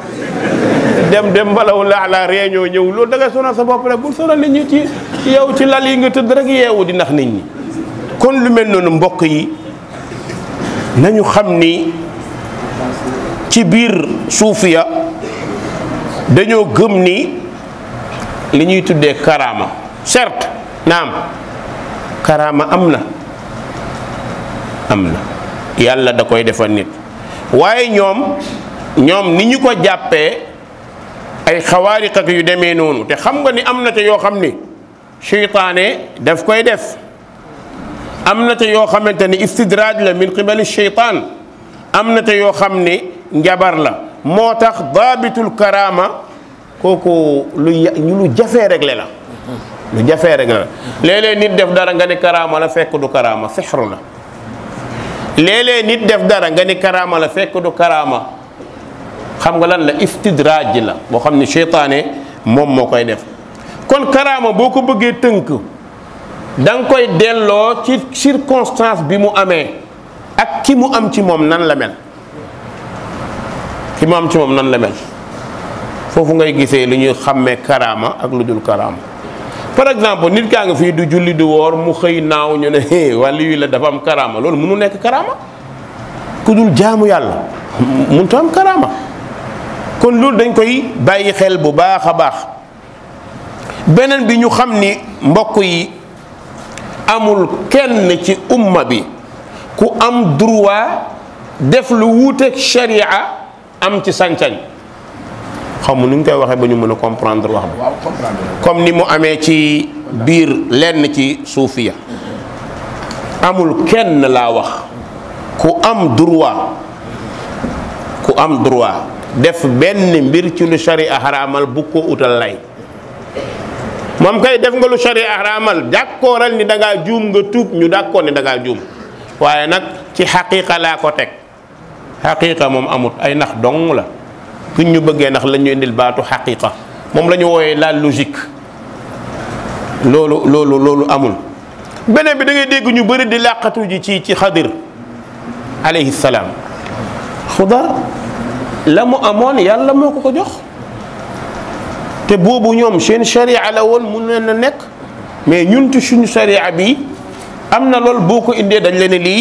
dem dem malawu laala réunion ñëw loolu da ngay sa bopp rek bu sonal nit ñi ci yow ci lal yi nga tëdd rek yeewu di ndax nit ñi kon lu mel noonu mbokk yi nañu xam ni ci biir suufiya dañoo gëm ni li ñuy tuddee karaama certes naam karaama am na am na yàlla da koy defal nit waaye ñoom ñoom ni ñu ko jàppee ay xawaariq ak yu demee noonu te xam nga ni am na te yoo xam ni seytaane daf koy def am na te yoo xamante ni istidraaj la min qibali seytaan am na te yoo xam ni njabar la motax dabitul karama koko lu ñu lu jafé rek la lu jafé rek la lélé nit def dara nga ni karama la fekk du karama sihr la lélé nit def dara nga ni karama la fekk du karama xam nga lan la iftidraaj la bo xamni shaytané mom mo koy def kon karama boko bëggé teunk dang koy dello ci circonstance bi mu amé ak ki mu am ci mom nan la mel imam ci mom nan la mel fofu ngay gisee lu ñuy xàmmee karama ak lu dul karama par exemple nit kaa nga fii du julli du woor mu xëy naaw ñu ne wàllu yi la dafa am karama loolu mënu nekk karama ku dul jaamu yàlla mënut am karama kon loolu dañ koy bàyyi xel bu baax a baax beneen bi ñu xam ni mbokk yi amul kenn ci umma bi ku am droit def lu wuuteeg sharia am ci sañ-sañ xaw ma nu koy waxee ba ñu mën a comprendre wax bi comme ni mu amee ci biir lenn ci suufiya amul kenn laa wax ku am droit ku am droit def benn mbir ci lu sharia xaraamal bu ko utal lay moom kay def nga lu sharia xaraamal jàkkooral ni da juum nga tuub ñu dàkkoon ni da ngaa juum waaye nag ci xaqiqa laa ko teg حقيقه موم اموت اي نخ دون لا كن نيو بوغي نخ لا نيو انديل باتو حقيقه موم لا نيو لا لوجيك لولو لولو لولو امول بنين بي داغي ديغ نيو بري دي لاقاتو تي تي خضر عليه السلام خضر لمو امون يالا موكو كو جوخ تي بوبو نيوم سين شريعه لا وون مون نانا نيك مي نيونتو سونو شريعه بي amna lol boko inde dañ leni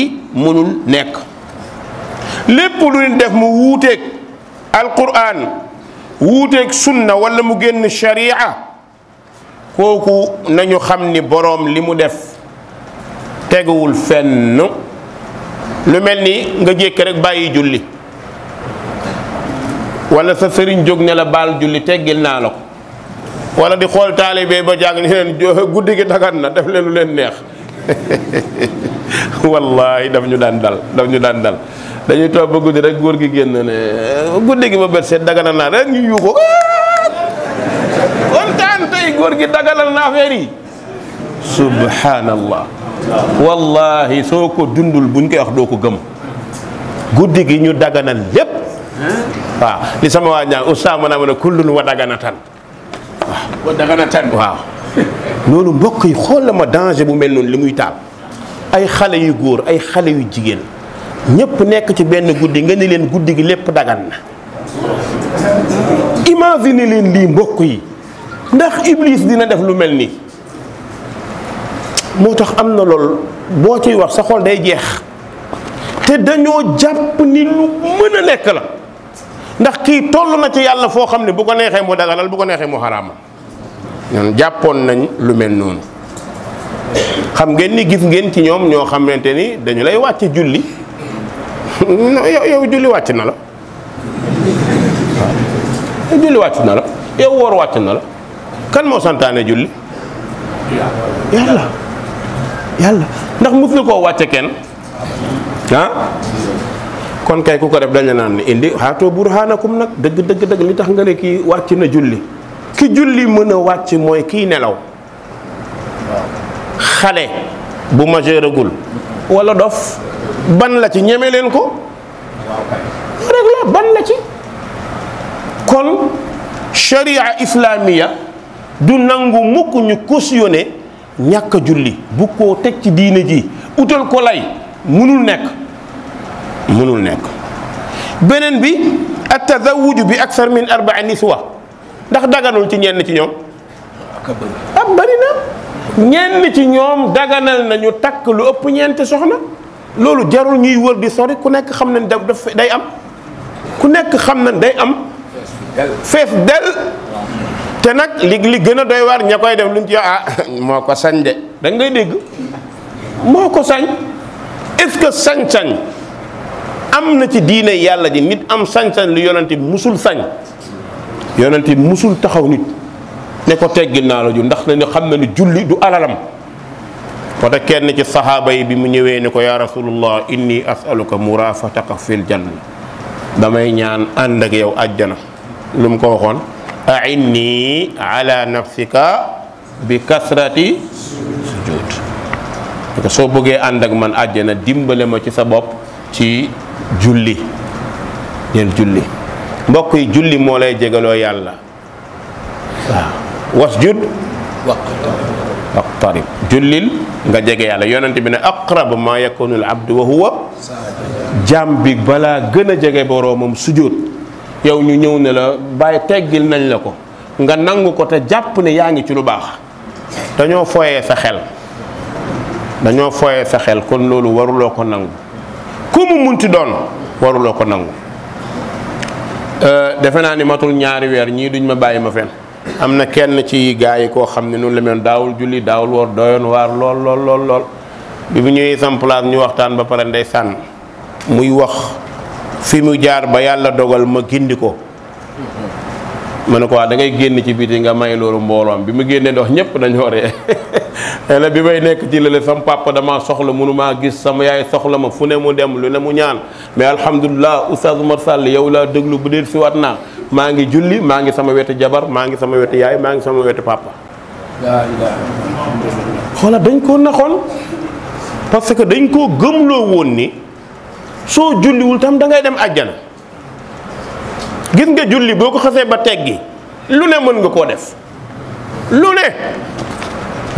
lépp lu ñu def mu wuuteeg alquran wuuteeg sunna walla mu génn sharia kooku nañu xam ni boroom li mu def teguwul fenn lu mel ni nga jékki rek bàyyi julli wala sa sëriñ jóg ne la baal julli teggil naa la ko wala di xool taalibe ba jàng ni leen guddi gi dagan na def leen lu leen neex wallaahi daf ñu daan dal daf ñu daan dal dañuy toog ba guddi rek góor gi génn ne guddi gi ma bët seet daganal naa rek ñu yuuxu kontaan tey góor gi daganal na affaire yi subhanallah wallahi soo ko dundul buñ koy wax doo ko gëm guddi gi ñu daganal lépp waaw li sama waa ñaan oustaz naa ma ne wa daganatan waaw wa daganatan waaw loolu mbokk yi xool la ma danger bu mel noonu li muy taal ay xale yu góor ay xale yu jigéen ñëpp nekk ci benn guddi nga ni leen guddi gi lépp dagan na imagine leen lii mbokk yi ndax iblis dina def lu mel nii moo tax am na wax sa xol day jeex te dañoo jàpp ni lu mën a nekk la ndax kii toll na ci yàlla fo xam ne bu ko neexee mu dagalal bu ko neexee mu xaraamal ñun nañ lu mel xam ngeen ni gis ngeen ci ñoom ñoo xamante dañu lay julli non yow yow julli wàcc na la waaw julli wàcc na la yow woor wàcc na la kan moo santaane julli yàlla yàlla ndax mus na koo wàcce kenn ah kon kay ku ko def dañu naan indi haatoo burhaanakum nag dëgg dëgg dëgg li tax nga ne kii wàcc na julli ki julli mën a wàcc mooy kii nelaw xale bu majeeragul walla dof ban la ci ñeme leen ko rek la ban la ci kon sharia islamiya du nangu mukk ñu cautionné ñak julli bu ko tek ci diine ji utal ko lay mënul nekk mënul nekk benen bi at-tazawwuj bi akthar min arba'a niswa ndax daganul ci ñenn ci ñom ak bari na ñenn ci ñom daganal nañu tak lu upp ñent soxna loolu jarul ñuy wër di sori ku nekk xam nañ daf day am ku nekk xam nañ day am fees del te nag li li gën a doy waar ña koy def luñ ci yow ah moo ko sañ de da ngay dégg moo ko sañ est-ce que sañ-sañ am na ci diine yàlla ji nit am sañ-sañ lu yonent musul sañ yonent bi musul taxaw nit ne ko teggin naa la ju ndax na ni xam na ni julli du alalam Pada kenn ci sahaba yi bi mu ñewé ni ko ya rasulullah inni as'aluka murafataka fil janna damay ñaan and ak yow aljana lum ko waxon a'inni ala nafsika bi kasrati sujud ko so bëggé and ak man aljana dimbalé ma ci sa bop ci julli ñen julli mbokk yi julli mo lay jégalo yalla wasjud aqtarib jullil nga jege yàlla yonent bi ne aqrab ma yakunu al abdu wa huwa jaam bi balaa gën a jege boroomam sujjóot yow ñu ñëw ne la bàyyi teggil nañ la ko nga nangu ko te jàpp ne yaa ngi ci lu baax dañoo foyee sa xel dañoo foyee sa xel kon loolu waruloo ko nangu ku mu munti doon waruloo ko nangu defe naa ni matul ñaari weer ñii duñ ma bàyyi ma fenn am na kenn ci gaa yi koo xam ne noonu la daawul julli daawul woor doyoon waar lool lool lool lool bi mu ñëwee sam ñu waxtaan ba pare ndey sànn muy wax fi mu jaar ba yàlla dogal ma gindi ko ma ne ko waa da ngay génn ci biti nga may loolu mbooloom bi mu génnee ndox ñëpp dañoo ree nee na bi may nekk ci lële sama papa dama soxla mënumaa gis sama yaay soxla ma fu ne mu dem lu ne mu ñaan mais alhamdulilah oustaz Oumar Sall yow laa déglu bu dee siwaat naa maa ngi julli maa ngi sama wetu jabar maa ngi sama wetu yaay maa ngi sama wetu papa. xoola dañ koo naxoon parce que dañ koo gëmloo woon ni soo julliwul tam dangay ngay dem àjjana gis nga julli boo ko xasee ba teggi lu ne mën nga koo def lu ne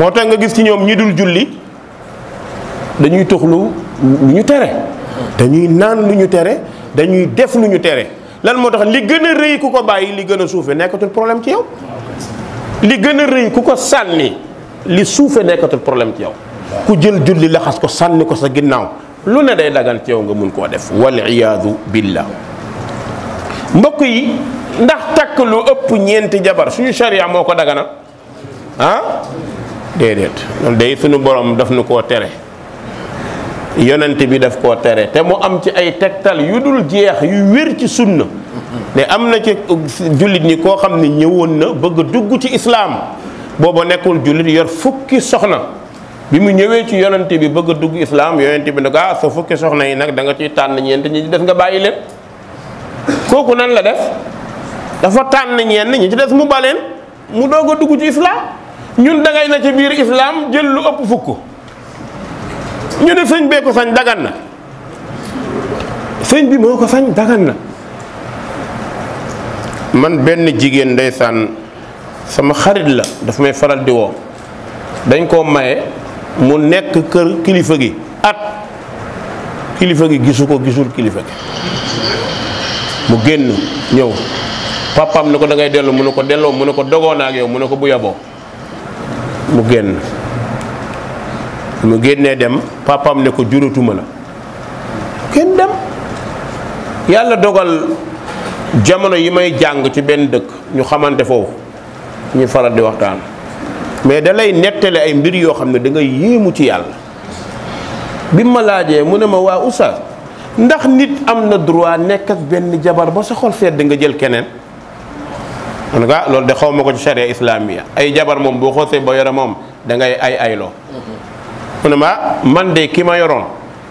moo tax nga gis ci ñoom ñi dul julli dañuy tux lu lu ñu tere dañuy naan lu ñu tere dañuy def lu ñu tere lan moo tax li gën a rëy ku ko bàyyi li gën a suufe nekkatul problème ci yow li gën a rëy ku ko sànni li suufe nekkatul problème ci yow ku jël julli laxas ko sànni ko sa ginnaaw lu ne day dagan ci yow nga mun koo def wal iyaadu billah mbokk yi ndax takk lu ëpp ñeenti jabar suñu sharia moo ko dagana ah? déedéet loolu day sunu borom daf nu koo tere yonent bi daf koo tere te mu am ci ay tegtal yu dul jeex yu wér ci sunna ne am na ci jullit ñi koo xam ne ñëwoon na bëgg dugg ci islaam booba nekkul jullit yor fukki soxna bi mu ñëwee ci yonent bi bëgg dugg islaam yonent bi ne ko ah sa fukki soxna yi nag da nga ciy tànn ñeent ñi des nga bàyyi leen kooku nan la def dafa tànn ñenn ñi des mu baleen mu doog a dugg ci islaam ñun da ngay na ci biir islam jël lu upp fukk ñu ne señ be ko sañ dagan na señ bi moo ko sañ dagan na man ben jigen ndaysan sama xarit la daf may faral di wo dañ ko maye mu nek keur kilifa gi at kilifa gi gisuko gisul kilifa gi mu genn ñew papam ne ko da ngay delu mu ne ko delo mu ne ko dogoon ak yow mu ne ko bu yabo mu génn mu génnee dem papam ne ko juratuma la kenn dem yàlla dogal jamono yi may jàng ci benn dëkk ñu xamante foofu ñu faral di waxtaan mais dalay lay ay mbir yoo xam ne da nga yéemu ci yàlla bi ma laajee mu ne ma waa oustaz ndax nit am na droit nekk ak benn jabar ba sa sedd nga jël keneen en tout cas loolu de xaw ma ko ci charia islamiya ay jabar moom boo xoosee ba yore moom da ngay ay ayloo mu ne ma man de ki ma yoroon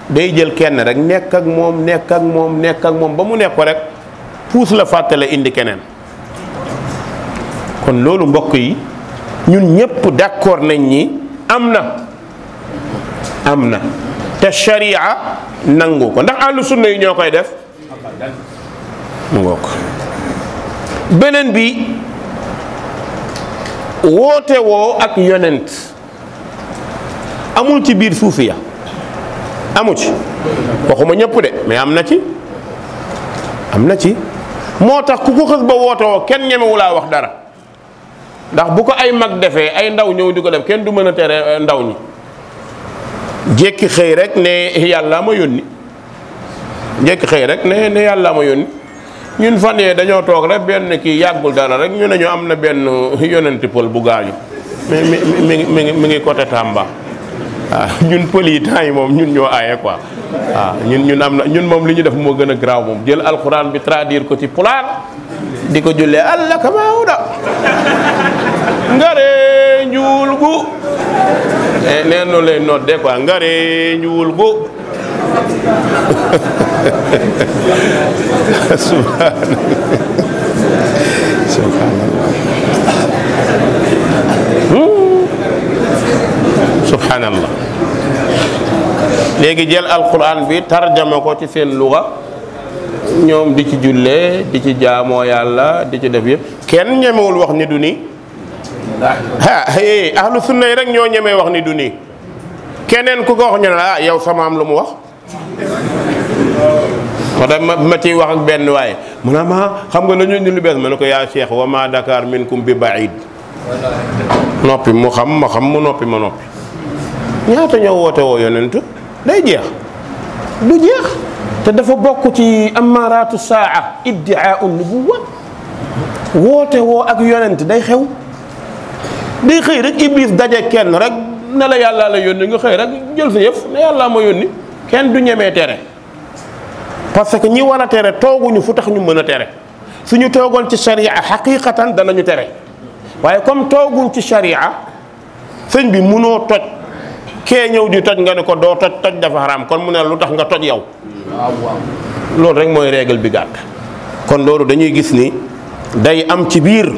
day jël kenn rek nekk ak moom nekk ak moom nekk ak moom ba mu nekk ko rek puus la fàttale indi keneen kon loolu mbokk yi ñun ñëpp d'accord nañ ni am na am na te charia nangoo ko ndax ahlu sunna yi ñoo koy def mu ngook beneen bi wootewoo ak yonent amul ci biir suufiya amu ci waxuma ñëpp de mais am na ci am na ci moo tax ku ko xës ba woote kenn ñemewu laa wax dara ndax bu ko ay mag defee ay ndaw ñëw di ko def kenn du mën a tere eh, ndaw ñi jékki xëy rek ne yàlla ma yónni jékki xëy rek ne ne yàlla ma yónni ñun fan yee dañoo toog rek benn kii yàggul dara rek ñu ne am na benn yonenti pël bu gaañu mais mi mi mi ngi mi ngi côté Tamba ah, ñun pël yi yi moom ñun ñoo aaye quoi waaw ah, ñun ñun am na ñun moom li ñu def moo gën a garaaw moom jël alxuraan bi traduire ko ci pulaat di ko jullee allah kamaaw da ngaree njuul gu eh, nee noonu lay noddee quoi ngaree njuul gu Subhanallah. Subhanallah. Hmm. Subhanallah. léegi jël alquran bi tarjama ko ci sen luga ñom di ci jullee di ci jamo yalla di ci def yëpp kenn ñemewul wax ni du ni ha ahlu sunna yi rek ñoo ñëmé wax ni du ni keneen ku ko wax ñu la ah, yow sama am lu mu wax ma tax ma ma ciy wax ak benn waaye mu ne ma xam nga la ñuy indi bees ma ne ko yaa seex wa ma Dakar minkum bi baid noppi mu xam ma xam mu noppi ma noppi ñaata ñoo woote woo yonentu day jeex du jeex te dafa bokk ci amaaraatu saa iddia un nubuwa woote woo ak yonent day xew day xëy rek iblis daje kenn rek ne la yàllaa la yónni nga xëy rek jël sa yëf ne yàllaa ma yónni kenn du ñemee tere parce que ñi war a tere tooguñu fu tax ñu mën a tere ñu toogoon ci sharia xaqiqatan danañu tere waaye comme tooguñ ci sharia sëñ bi munoo toj kee ñëw di toj nga ne ko doo toj toj dafa xaraam kon mu ne lu tax nga toj yow. loolu rek mooy règle bi gàtt. kon loolu dañuy gis ni day am ci biir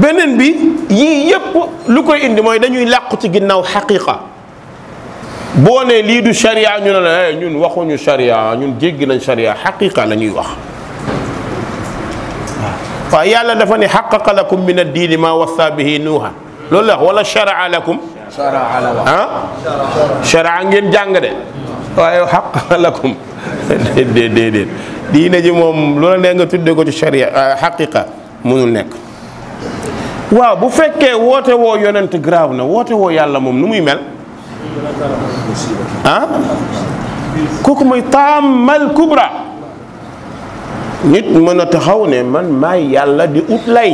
beneen bi yii yépp lu koy indi mooy dañuy làqu ci ginnaaw xaqiqa. boo nee lii du charia eh, ñun waxuñu charia ñun jéggi nañ charia xaqiqa la ñuy wax waaw yàlla dafa ne xaqaqa lakum min addiini ma wasa bihi nuuha loolu la wax wala charaa lakum ah charaa ngeen jàng de waaye xaqaqa lakum diine ji moom loola nee nga tuddee ko ci charia eh, xaqiqa munul nekk waaw bu fekkee woote woo yonent grave na woote woo yàlla moom nu muy mel ah kooku mooy taamal kubra nit mën a taxaw ne man maay yàlla di ut lay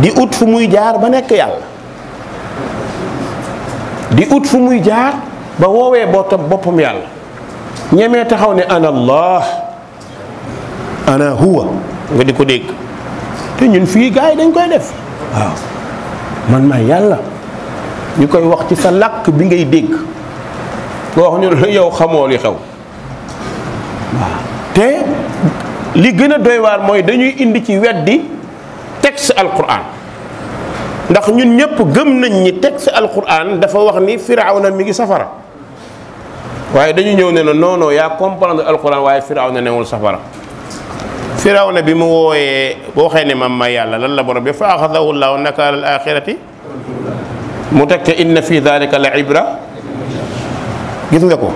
di ut fu muy jaar ba nekk yàlla di ut fu muy jaar ba woowee boppam yàlla ñemee taxaw ne ana allah ana huwa nga di ko dégg te ñun fii gars yi dañ koy def waaw man maay yàlla ñukoy wax ci sa lak bi ngay deg nga wax ñu la yow xamoo li xew te li gëna doy war moy dañuy indi ci weddi texte alquran ndax ñun ñëpp gëm nañ ni texte alquran dafa wax ni fir'auna mi ngi safara waye dañu ñëw ne non non ya comprendre alquran waye fir'auna newul safara fir'auna bi mu woyé bo xéne ne mam ma yàlla lan la borom bi fa axadahu llahu nakal al axirati mu tekkee ca inna fi dalika la ibra gis nga ko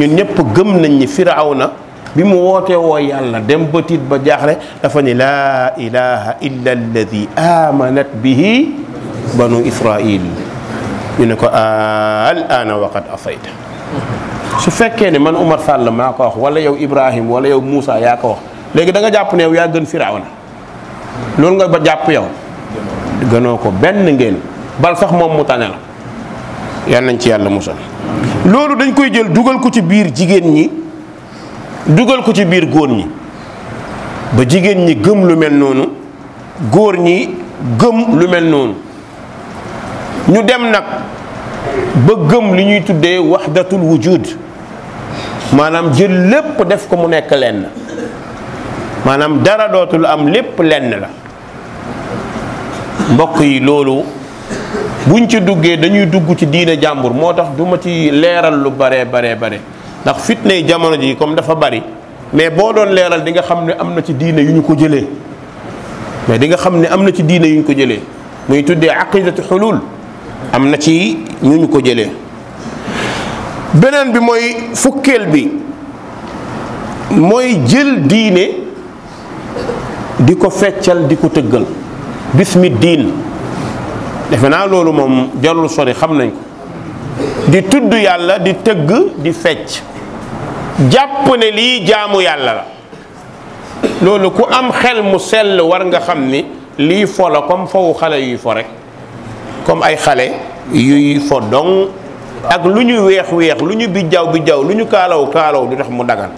ñu ñëpp gëm nañ ni firawna bi mu wootee woo yàlla dem ba tiit ba jaaxle dafa ni laa ilaha illa alladi amanat bihi banu israil ñu ne ko al ana asayta su fekkee ne man Umar Sall maa ko wax wala yow Ibrahim wala yow Moussa yaa ko wax léegi da nga jàpp ne yow yaa gën firawna loolu nga ba jàpp yow gënoo ko benn ngeen bal sax moom mu tane la yal nañ ci yàlla musal loolu dañ koy jël dugal ko ci biir jigéen ñi dugal ko ci biir góor ñi ba jigéen ñi gëm lu mel noonu góor ñi gëm lu mel noonu ñu dem nag ba gëm li ñuy tuddee waxdatul wujud maanaam jël lépp def ko mu nekk lenn maanaam dara dootul am lépp lenn la mbokk yi loolu buñ ci duggé dañuy dugg ci diine jambour motax duma ci léral lu bare bare bare ndax fitne jamono ji comme dafa bari mais bo doon léral di nga xamné amna ci diine yuñ ko jëlé mais di nga xamné amna ci diine yuñ ko jëlé muy tuddé aqidatu hulul amna ci ñuñ ko jëlé benen bi moy fukkeel bi moy jël diine diko ko feccal di tëggal bismi diin defena naa mom moom jarul sori xam nañ ko di tuddu yàlla di teug di fecc jàpp ne li jaamu yàlla la loolu ku am xel mu sel war nga xam ni lii fo la comme fo xale yu fo rek comme ay xale yu fo dong ak luñu wex wex luñu bi jaw bi jaw luñu ñu kaalaw kaalaw tax mu dagan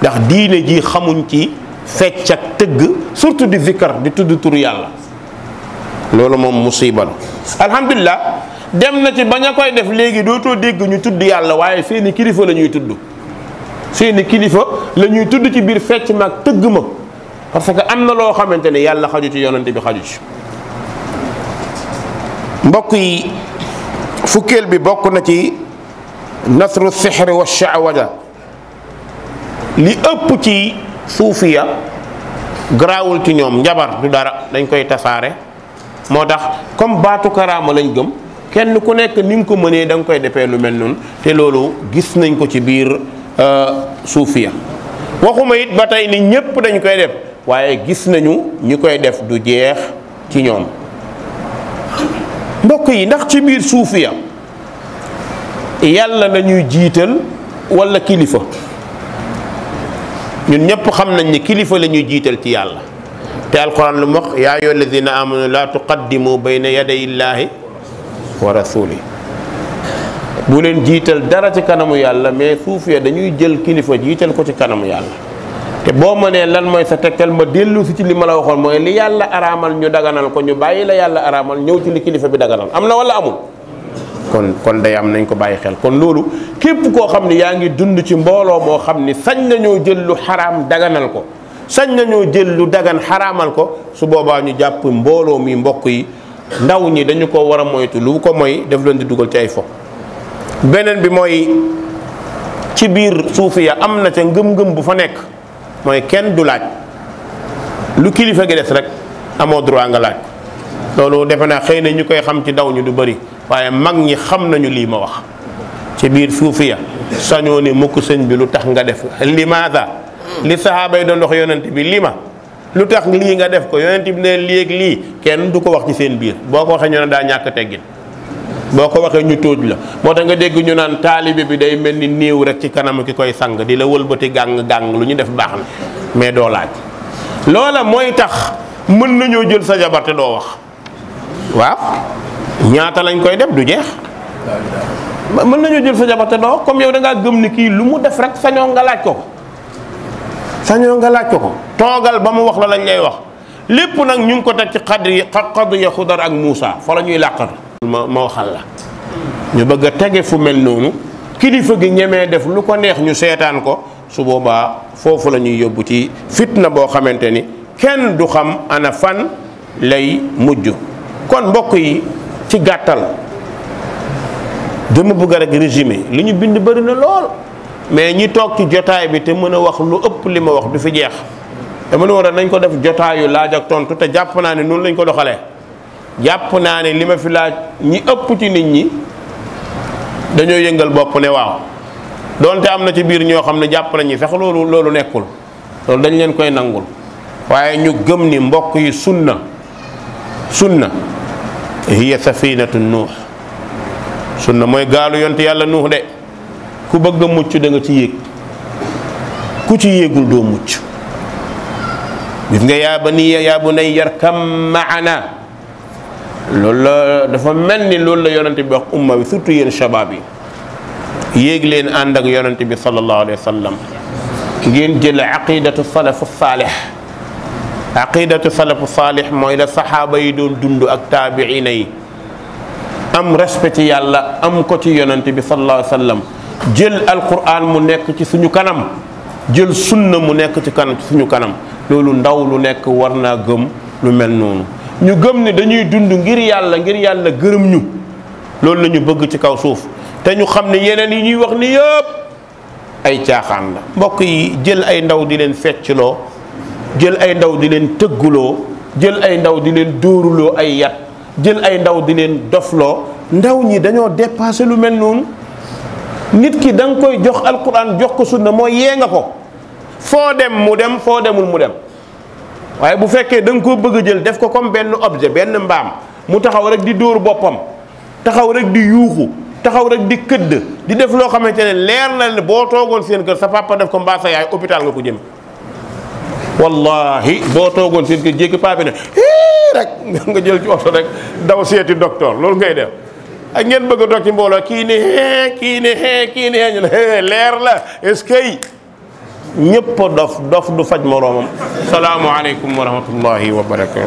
ndax diine ji xamuñ ci fecc ak teug surtout di zikr di tuddu tur yàlla lolu mom musiba la alhamdulilah dem na ci baña koy def legui doto deg ñu tuddu yàlla waye seeni kilifa lañuy tuddu seeni kilifa lañuy tuddu ci bir fecc ma teug ma parce que amna lo xamantene yàlla xaju ci yonante bi xaju ci mbokk yi fukel bi bokku na ci nasru sihr wa shawada li ëpp ci suufiya grawul ci ñoom njabar du dara dañ koy tasaare moo tax comme baatu karaama lañ gëm kenn ku nekk ni nga ko mënee danga koy defee lu mel noonu te loolu gis nañ ko ci biir euh, suufiya waxuma it ba tey ni ñépp dañ koy def waaye gis nañu ñi koy def du jeex ci ñoom mbokk yi ndax ci biir suufiya yàlla la jiital walla kilifa ñun ñépp xam nañ ni kilifa la ñuy jiital ci yàlla te alquran lu mu wax yaa ayyuha alladina amanu laa tuqaddimu bayna yaday illaahi wa rasuli bu leen jiital dara ci kanamu yàlla mais suuf ya dañuy jël kilifa jiital ko ci kanamu yàlla te boo ma nee lan mooy sa tegtal ma dellu si ci li ma la waxoon mooy li yàlla araamal ñu daganal ko ñu bàyyi la yàlla araamal ñëw ci li kilifa bi daganal am na wala amul kon kon day am nañ ko bàyyi xel kon loolu képp koo xam ne yaa ngi dund ci mbooloo moo xam ni sañ nañoo jël lu xaraam daganal ko sañ nañoo jël lu dagan xaraamal ko su boobaa ñu jàpp mbooloo mi mbokk yi ndaw ñi dañu ko war a moytu lu ko mooy daf leen di dugal ci ay fo beneen bi mooy ci biir suufiya am na ca ngëm-ngëm bu fa nekk mooy kenn du laaj lu kilifa gi des rek amoo droit nga laaj loolu defe naa xëy na ñu koy xam ci ndaw ñu du bari waaye mag ñi xam nañu lii ma wax ci biir suufiya sañoo ne mukk sëñ bi lu tax nga def limaada Mm. li sahaba yi doon wax yonent bi li ma lu nga def ko yonent bi ne li ak li kenn du ko wax ci seen biir boko waxe waxee ñu ne daa ñàkk teggin boo ko ñu tooj la motax nga deg ñu naan bi day melni ni rek ci kanam ki koy sang di la wëlbeuti ganggang gang lu ñu def baax na mais do laaj lola moy tax mën nañu jël sa jabarte do wax waaw ñaata lañ koy def du jeex mën nañu jël sa jabarte do comme yow da nga gëm ni ki lu mu def rek sañoo nga laaj ko sañoo nga laaj ko ko toogal ba mu wax la lañ lay wax lépp nag ñu ngi ko teg ci xadri xadiya xudar ak Moussa fa la ñuy làqatu ma ma waxal la ñu bëgg a tege fu mel noonu kilifa gi ñemee def lu ko neex ñu seetaan ko su boobaa foofu la ñuy yóbbu ci fitna boo xamante ni kenn du xam ana fan lay mujj kon mbokk yi ci gàttal dama bëgg rek résumé li ñu bind bëri lool mais ñi toog ci jotaay bi te mën a wax lu ëpp li ma wax du fi jeex te mën war nañ ko def jotaayu laaj ak tontu te jàpp naa ne noonu lañ ko doxalee jàpp naa ne lima ma fi laaj ñi ëpp ci nit ñi dañoo yëngal bopp ne waaw doonte am na ci biir ñoo xam ne jàpp nañu sax loolu loolu nekkul loolu dañ leen koy nangul waaye ñu gëm ni mbokk yi sunna sunna hiya safinatu nuux sunna mooy gaalu yonte yàlla nuux de ku bëgg muccu da nga ci yegg ku ci yeggul doo muccu gis nga yaa bani yaa bunay yarkam maana loolu la dafa mel ni loolu la yonante bi wax umma bi surtout yéen shabaab yi yéeg leen ànd ak yonante bi sallallahu alayhi wa sallam ngeen jël aqidatu salafu saalih aqidatu salafu saalih mooy la saxaaba yi doon dund ak taabiina yi am respect ci yàlla am ko ci yonante bi sallallahu alayhi wa sallam jël alquran mu nekk ci suñu kanam jël sunna mu nekk ci kanam ci suñu kanam loolu ndaw lu nekk war naa gëm lu mel noonu ñu gëm ni dañuy dund ngir yàlla ngir yàlla gërëm ñu loolu la bëgg ci kaw suuf te ñu xam ne yeneen yi ñuy wax ni yëpp ay caaxaan la mbokk yi jël ay ndaw di leen feccloo jël ay ndaw di leen tëgguloo jël ay ndaw di leen dóoruloo ay yat jël ay ndaw di leen dofloo ndaw ñi dañoo dépassé lu mel noonu nit ki da nga koy jox alquran jox ko sunna mooy yee nga ko foo dem mu dem foo demul mu dem waaye bu fekkee da nga koo bëgg a jël def ko comme benn objet benn mbaam mu taxaw rek di dóor boppam taxaw rek di yuuxu taxaw rek di këdd di def loo xamante ne leer na ne boo toogoon seen kër sa papa def ko mbaa sa yaay hôpital nga ko jëm wallahi boo toogoon seen kër jékki paa na ne rek nga jël ci oto rek daw seeti docteur loolu ngay def. ngeen bëgg a ci mbolo ki ni he ki ni he ki ni xee ñu la leer la est-ce que ñëpp dof dof du faj moroomam alaykum wa rahmatullahi wa barakatuh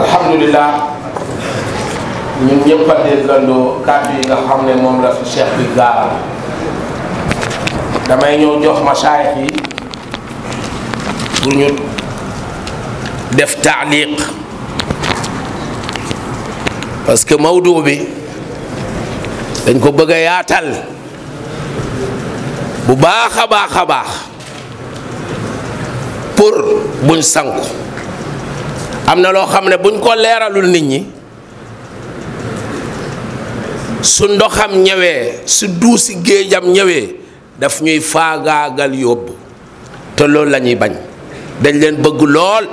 alhamdulilah ñun ñëpp a gando kàddu yi nga xamne mom la fi cheikh bi gaaral damay ñëw jox ma shaykh yi pour ñu def ta'liq parce que mawdu bi dañ ko bëgg yaatal bu baax a baax pour buñ sanku amna lo xamne buñ ko leeralul nit ñi su ndoxam ñëwé su duusi géejam ñëwé daf ñuy faagaagal yob te lool lañuy bañ dañ leen bëgg lool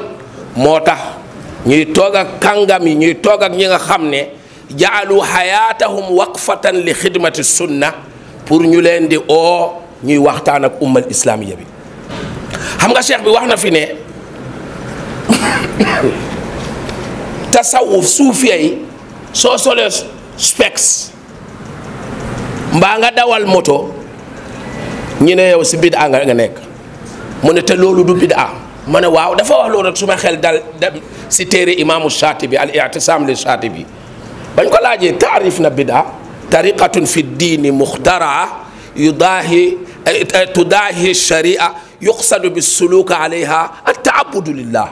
motax ñuy toog ak yi ñuy toog ñi nga xamne جعلوا حياتهم وقفة لخدمة السنة sunna pour ñu leen di oo ñuy waxtaan ak ummal islamiya bi xam nga cheikh bi wax na fi ne tasawuf suufiya yi soo specs mbaa nga dawal moto ñu ne yow si bid'a nga nga nekk mu ne te loolu du bid'a ma ne waaw dafa wax loolu rek suma xel dal si téere imaamu al itisam li Shaatibi bañ ko laajee taarif na bidaa tariqatun fi diini muxtaraa yudaahi tudaahi sharia yuqsadu bi suluka alayha attaabudu lillah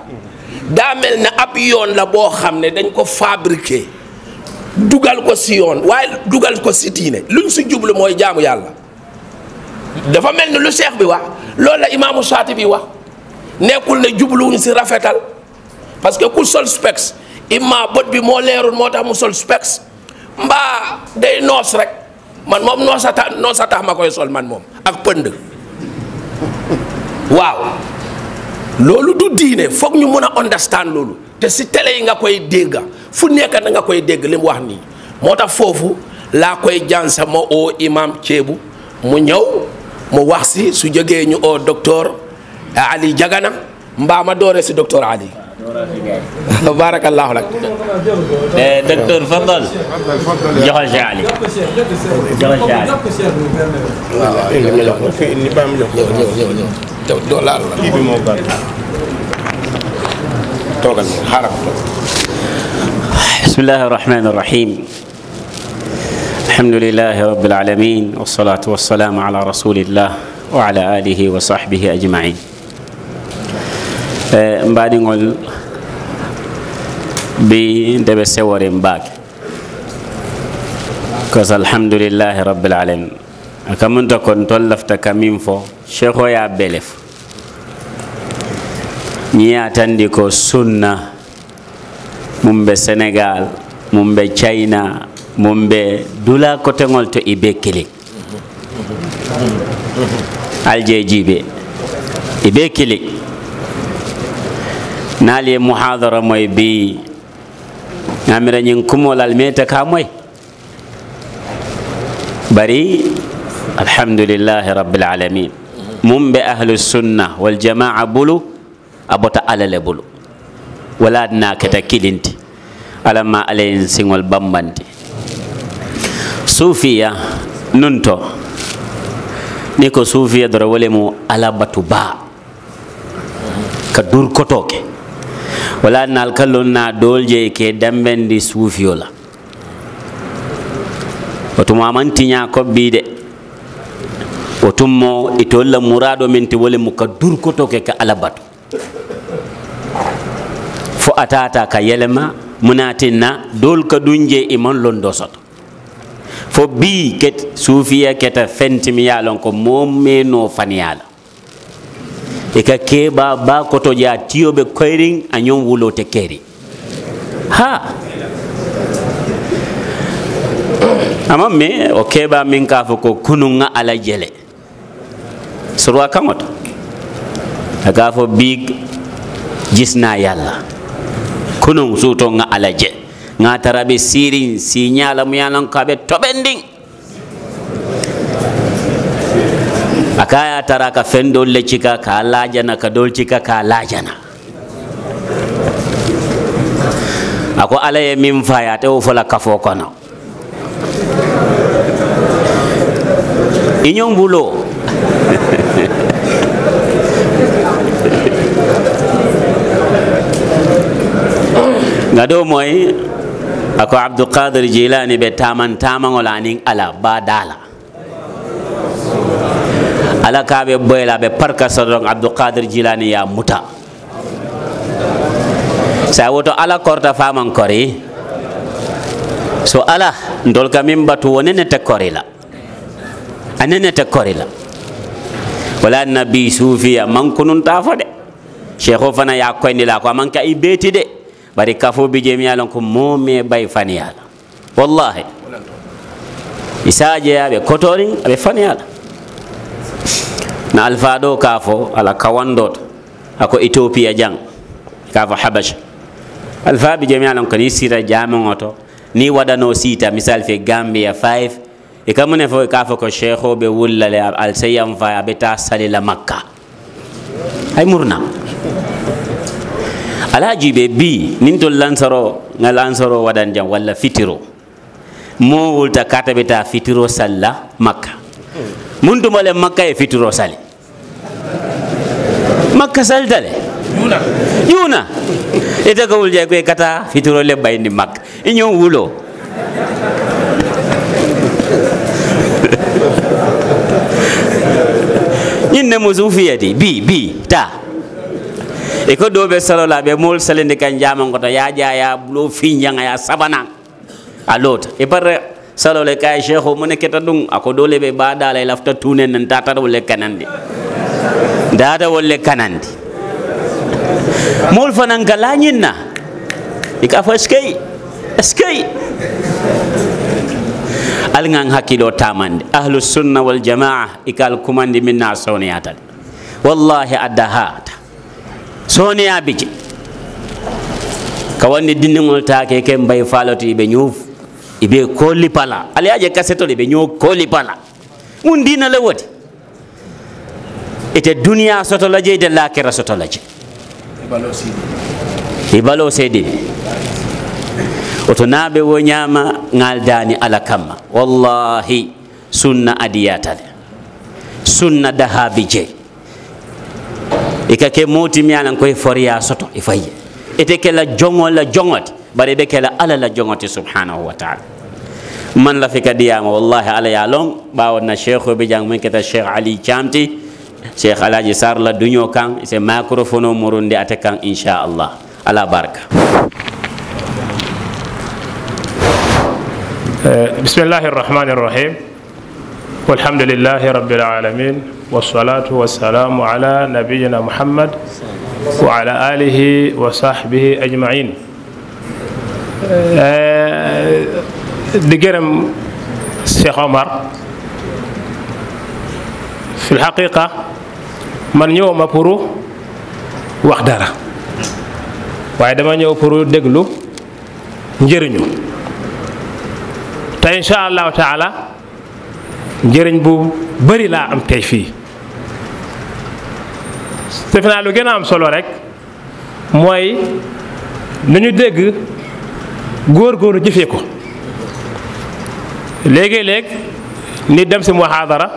daa mel ne ab yoon la boo xam ne dañ ko fabriqué dugal ko si yoon waaye dugal ko si diine luñ si jublu mooy jaamu yàlla dafa mel ni lu cheikh bi wax loolu la imaamu Shaatibi wax nekkul ne jubluwuñ si rafetal parce que ku sol specs imma bët bi moo leerul moo tax mu sol specs mbaa day noos rek man moom noosa tax noosa tax ma koy sol man moom ak pënd waaw loolu du diine foog ñu mun a understand loolu te si tele yi nga koy dégga fu nekk na nga koy dégg li wax nii moo tax foofu laa koy jaan sama oo imam ceebu mu ñëw mu wax si su jegee ñu oo docteur Ali Jagana mbaa ma doore si docteur Ali بارك الله لك دكتور فضل جهل شعلي جهل شعلي دولار بسم الله الرحمن الرحيم الحمد لله رب العالمين والصلاة والسلام على رسول الله وعلى آله وصحبه أجمعين mbaɗigol bi ndeɓe sewore mbaake kos alhamdulillah rabbil alamin akamunta kon ton lafta kamin fo cheikh o ya bele fo ñiyatandi ko sunna mum sénégal mum china mum ɓe dula kotegol to i be kili aljejiɓe naal muhadara moy bi amira nyin lal meta ka moy bari alhamdulillahi rabbil alamin mum be ahlu sunna wal jamaa bulu abota alale bulu wala na keta kilinti alama alayn singol bambanti sufiya nunto ni ko sufiya doro wole mo alabatu ba ka dur kotoke wala nalka lonna dool je ke dambendi suufiyola o tuma man tiña kobbi de o tummo itol la mourado men te wole mu ka durkoto ke ka alabatu fo atata ka yelema munatinna dool ka ɗum je iman londo soto fo bi ket suufiya keta fentimiyalon ko momeno faniyala e ka keɓa ba koto ƴa tiyoɓe koyrin a ñon wulote keri ha aman mi o keɓa min kafo ko kununga ala jele sorwa kaŋoto a kafo bi jisna yalla kunun suto nga ala je ŋa tara ɓe sirin siñalamuyalan ko aɓe toɓen ndin ka ya tara ka fen dol le cika ka lajana ka dol cika ka lajana a ko ala ye min faya te wo fola kafo kono i ñon bulo nga do moy a ko abdoulkadir jilani ɓe taman tamaŋola anin ala ba dala ala kaɓe boyelaɓe parka sodon abdoulkadir jilani ya muta sa woto ala korta famankori so ala dolka min batu wonene tekkorila anene tekkorila wala nabi sufiya mankunun tafo de cheikho fana ya koynila ko amanka i beeti de bari kafo bi jemi yalon ko momi bay faniyala wallahi isa jeyaɓe kotori aɓe faniyala na alfaɗo ka fo ala kawandota ako ethiopia jang ka fo habasha alfaɓe jami alon kani sira jamiŋo to ni waɗano siita misal fe gambia 5 e kamune fo ka fo ko cheikho ɓe wullale alseyam fa aɓe ta salila makka hay murna alaji ɓe bi nin to lansaro ga lansaro waɗan jam walla fitiro mo wulta kata ɓe ta fitiro salla makka muntu le makka e fituro sali makka salita le yuna ite ko wul jay koy kata fituro le bayndi makka iño wulo ñin ne musu fiyati bi bi ta e ko do be salo la be mol salinde kan jama ngoto ya jaya blo fi nyanga ya sabana alot e par salole kay cheikh o mo neketa ɗum ako ɗole ɓe baɗala e lafta tune nan datawolle kanandi datawolle kanandi mol fanan ka lañinna i ka fo eskey eskey alingan hakkilo tamande ahlusunna waljamaa i kal kumandi minna sonaya tan wallahi adda hata sonaya bije ka wandi dindigol take ken mbay faloto iɓe ñuuf ibe koli pala ala aje kasseto ibe ño koli pala un dina le wadi ete dunia soto laje ite lakira soto laje ibalo sedibe oto naɓe wo ñama ngaldani ala kamma wallahi sunna adiyatale sunna dahabi je ikake motimi anan koye foriya soto ifayye e ete kela jongola jongote bari be kala ala la jongoti subhanahu wa ta'ala man la fika diyama wallahi ala ya long bawo na sheikh bi jang men keta sheikh ali chamti sheikh alaji sar la duño kan c'est microphone morundi atakan insha allah ala barka بسم الله الرحمن الرحيم والحمد لله رب العالمين والصلاة والسلام على نبينا محمد وعلى آله وصحبه أجمعين آه، دقرم الشيخ عمر في الحقيقة من يوم أبرو وقدرة وعندما يوم أبرو دقلو نجرنو تا إن شاء الله تعالى نجرن بو بريلا لا أم تيفي سيفنا لو جينا أم سولو رك موي نيو دغ góor-góorlu jëfe ko léegi-léeg nit dem si muhaadara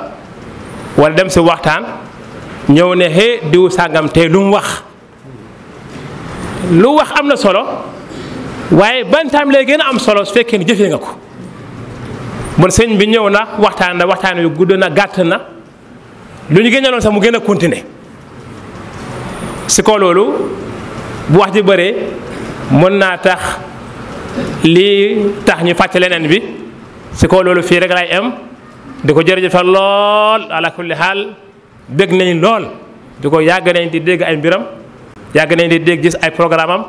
wala dem si waxtaan ñëw ne xee diw sàngam lu mu wax lu wax am na solo waaye bantaam lay gën a am solo su fekkee ni jëfee nga ko bon sëñ bi ñëw na waxtaan na waxtaan wi gudd na gàtt na lu ñu gënaloon sax mu gën a continuer si ko loolu bu wax ji bëree mën naa tax lii tax ñu fàcc leneen bi si ko loolu fii rek lay am di ko jërëjëfal lool ala kulli xaal dégg nañ lool di ko yàgg nañ di dégg ay mbiram yàgg nañ di dégg gis ay programme am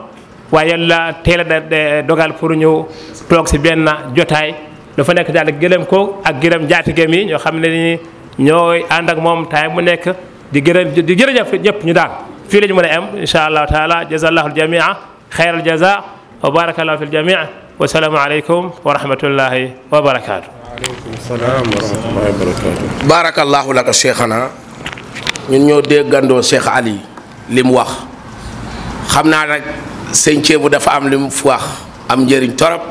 waaye yàlla teel a dogal pour ñu toog si benn jotaay dafa nekk daal gërëm ko ak gërëm njaatigéem yi ñoo xam ne ni ñooy ànd ak moom tay mu nekk di gërëm di jërëjëf ñu daal fii la ñu mën a am incha allahu taala jazallahu aljamia xayral jaza وبارك الله في الجميع والسلام عليكم ورحمة الله وبركاته عليكم السلام ورحمة الله وبركاته بارك الله لك شيخنا من يودي عندو شيخ علي لمواخ خمنا رك سنتي بودا فام لمفواخ أم جرين تراب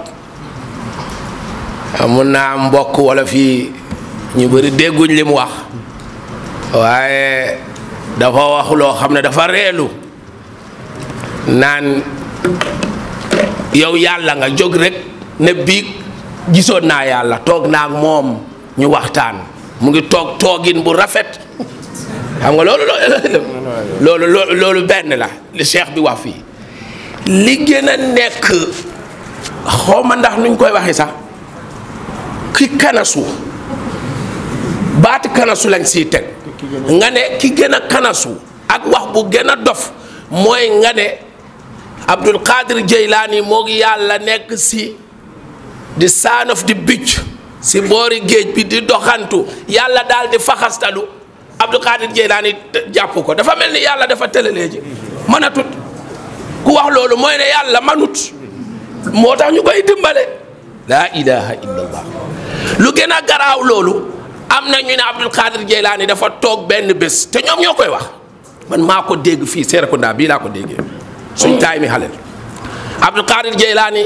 أمنا أم بوك ولا في نبوري دعوني لمواخ واي دفعوا خلوا خمنا دفع ريلو نان yow yàlla nga jóg rek ne biig gisoon naa yàlla toog naa ak moom ñu waxtaan mu ngi toog toogin bu rafet xam nga loolu loolu benn la li cheikh bi wax fii li gën a nekk xaw ma ndax nuñ koy waxee sax ki kanasu baati kanasu lañ siy teg nga ne ki gën a kanasu ak wax bu gën a dof mooy nga ne Abdul Qadir Jeylaani moo ngi yàlla nekk si di saanof di bicc si boori géej bi di doxantu yàlla daal di faxastalu Abdul Qadir Jeylaani jàpp ko dafa mel ni yàlla dafa tëlalee ji mënatut ku wax loolu mooy ne yàlla manut moo tax ñu koy dimbale laa ilaha illallah lu gën a garaaw loolu am na ñu ne Abdul Qadir Jeylaani dafa toog benn bés te ñoom ñoo koy wax man maa ko dégg fii Serekunda bii laa ko déggee suñ taay mi xalel Abdul Qadir Jeylaani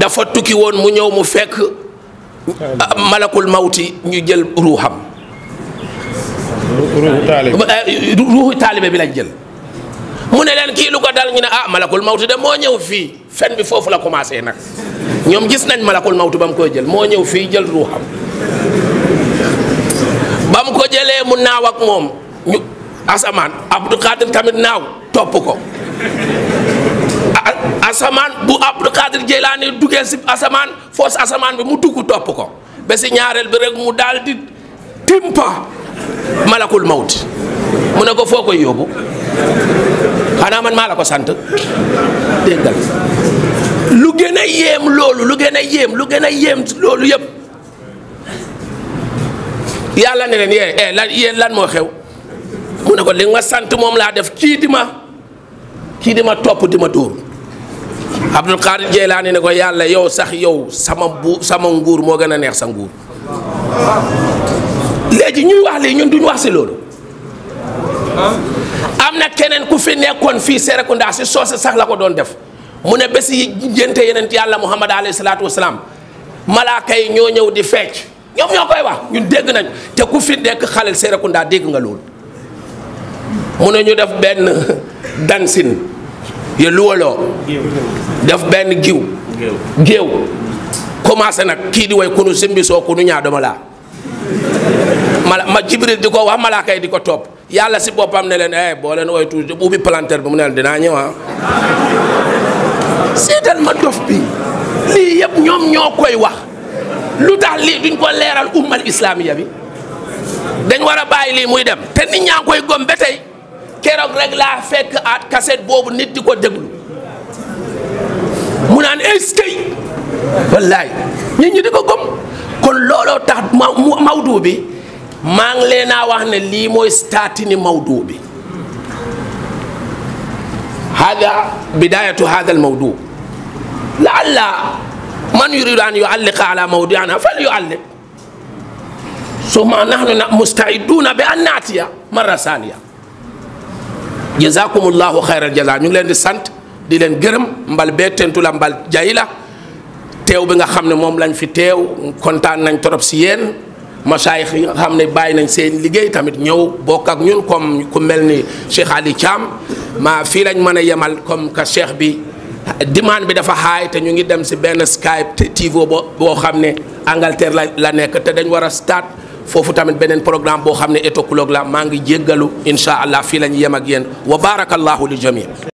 dafa tukki woon mu ñëw mu fekk ah, malakul mawti ñu jël ruuxam eh, ruuxu taalibe bi lañ jël mu ne leen kii lu ko dal ñu ne ah malakul mawti de moo ñëw fii fen bi foofu la commencé nag ñoom gis nañ malakul mawti bam mu koy jël moo ñëw fii jël ruuxam ba ko jëlee mu naaw ak moom ñu asamaan Abdul Qadir tamit naaw topp ko asamaan bu Abdou Khadir Jeylaani duggee si asamaan foo asamaan bi mu dugg topp ko ba si ñaareel bi rek mu daal di timpa malakul mawt mu ne ko foo koy yóbbu xanaa man maa la ko sant déggal lu gën a yéem loolu lu gën a yéem lu gën a yéem loolu yëpp yàlla ne leen yee eh lan lan moo xew mu ne ko li nga sant moom laa def kii di ma kii di ma topp di ma dóor Abdul Qadir Jeylaani ne ko yàlla yow sax yow sama bu sama nguur moo gën a neex sa nguur léegi ñuy wax lii ñun duñ wax si loolu am na keneen ku fi nekkoon fii Serekunda si soose sax la ko doon def mu ne bés yi jënte yenent yàlla Muhammad alayhi salaatu wasalaam malaaka yi ñoo ñëw di fecc ñoom ñoo koy wax ñun dégg nañ te ku fi nekk xalel Serekunda dégg nga loolu mu ne ñu def benn dansin ya luwaloo def benn giw géew commencé nag kii di woy kunu simbi soo kunu ñaadooma laa ma jibril di ko wax malaaka yi di ko topp yàlla si boppam ne leen eh boo leen way palanteer bi mu ne leen dinaa ñëw ah seetal ma dof bi lii yëpp ñoom ñoo koy wax lu tax lii duñ ko leeral ummal islamiya bi dañ war a bàyyi lii muy dem te nit ñaa koy gom ba keroog rek laa fekk at kaset boobu nit di ko déglu mu naan eskay wallaay nit ñi di ko gëm kon looloo tax mawdu bi maa ngi leen a wax ne lii mooy staatini mawdu bi hada bidayatu hada almawdu laalla man yuridu an yualliqa ala mawdiana fal yualliq suma nahnu mustaiduna bi an naatiya marra thaniya jazakumullahu xayral jaza ñu ngi leen di sant di leen gërëm mbal bee tentu la mbal jayi la teew bi nga xam ne moom lañ fi teew kontaan nañ torop si yéen masaayix yi xam ne bàyyi nañ seen liggéey tamit ñëw bokk ak ñun comme ku mel ni Cheikh Ali Thiam ma fii lañ mën a yemal comme que cheikh bi demande bi dafa xaay te ñu ngi dem si benn Skype te TV boo xam ne Angleterre la la nekk te dañ war a start fofu tamit benen programme bo xamne eto kulok la mangi ngi jéggalu incha allah fii la yem ak yéen wa barakallahu li jami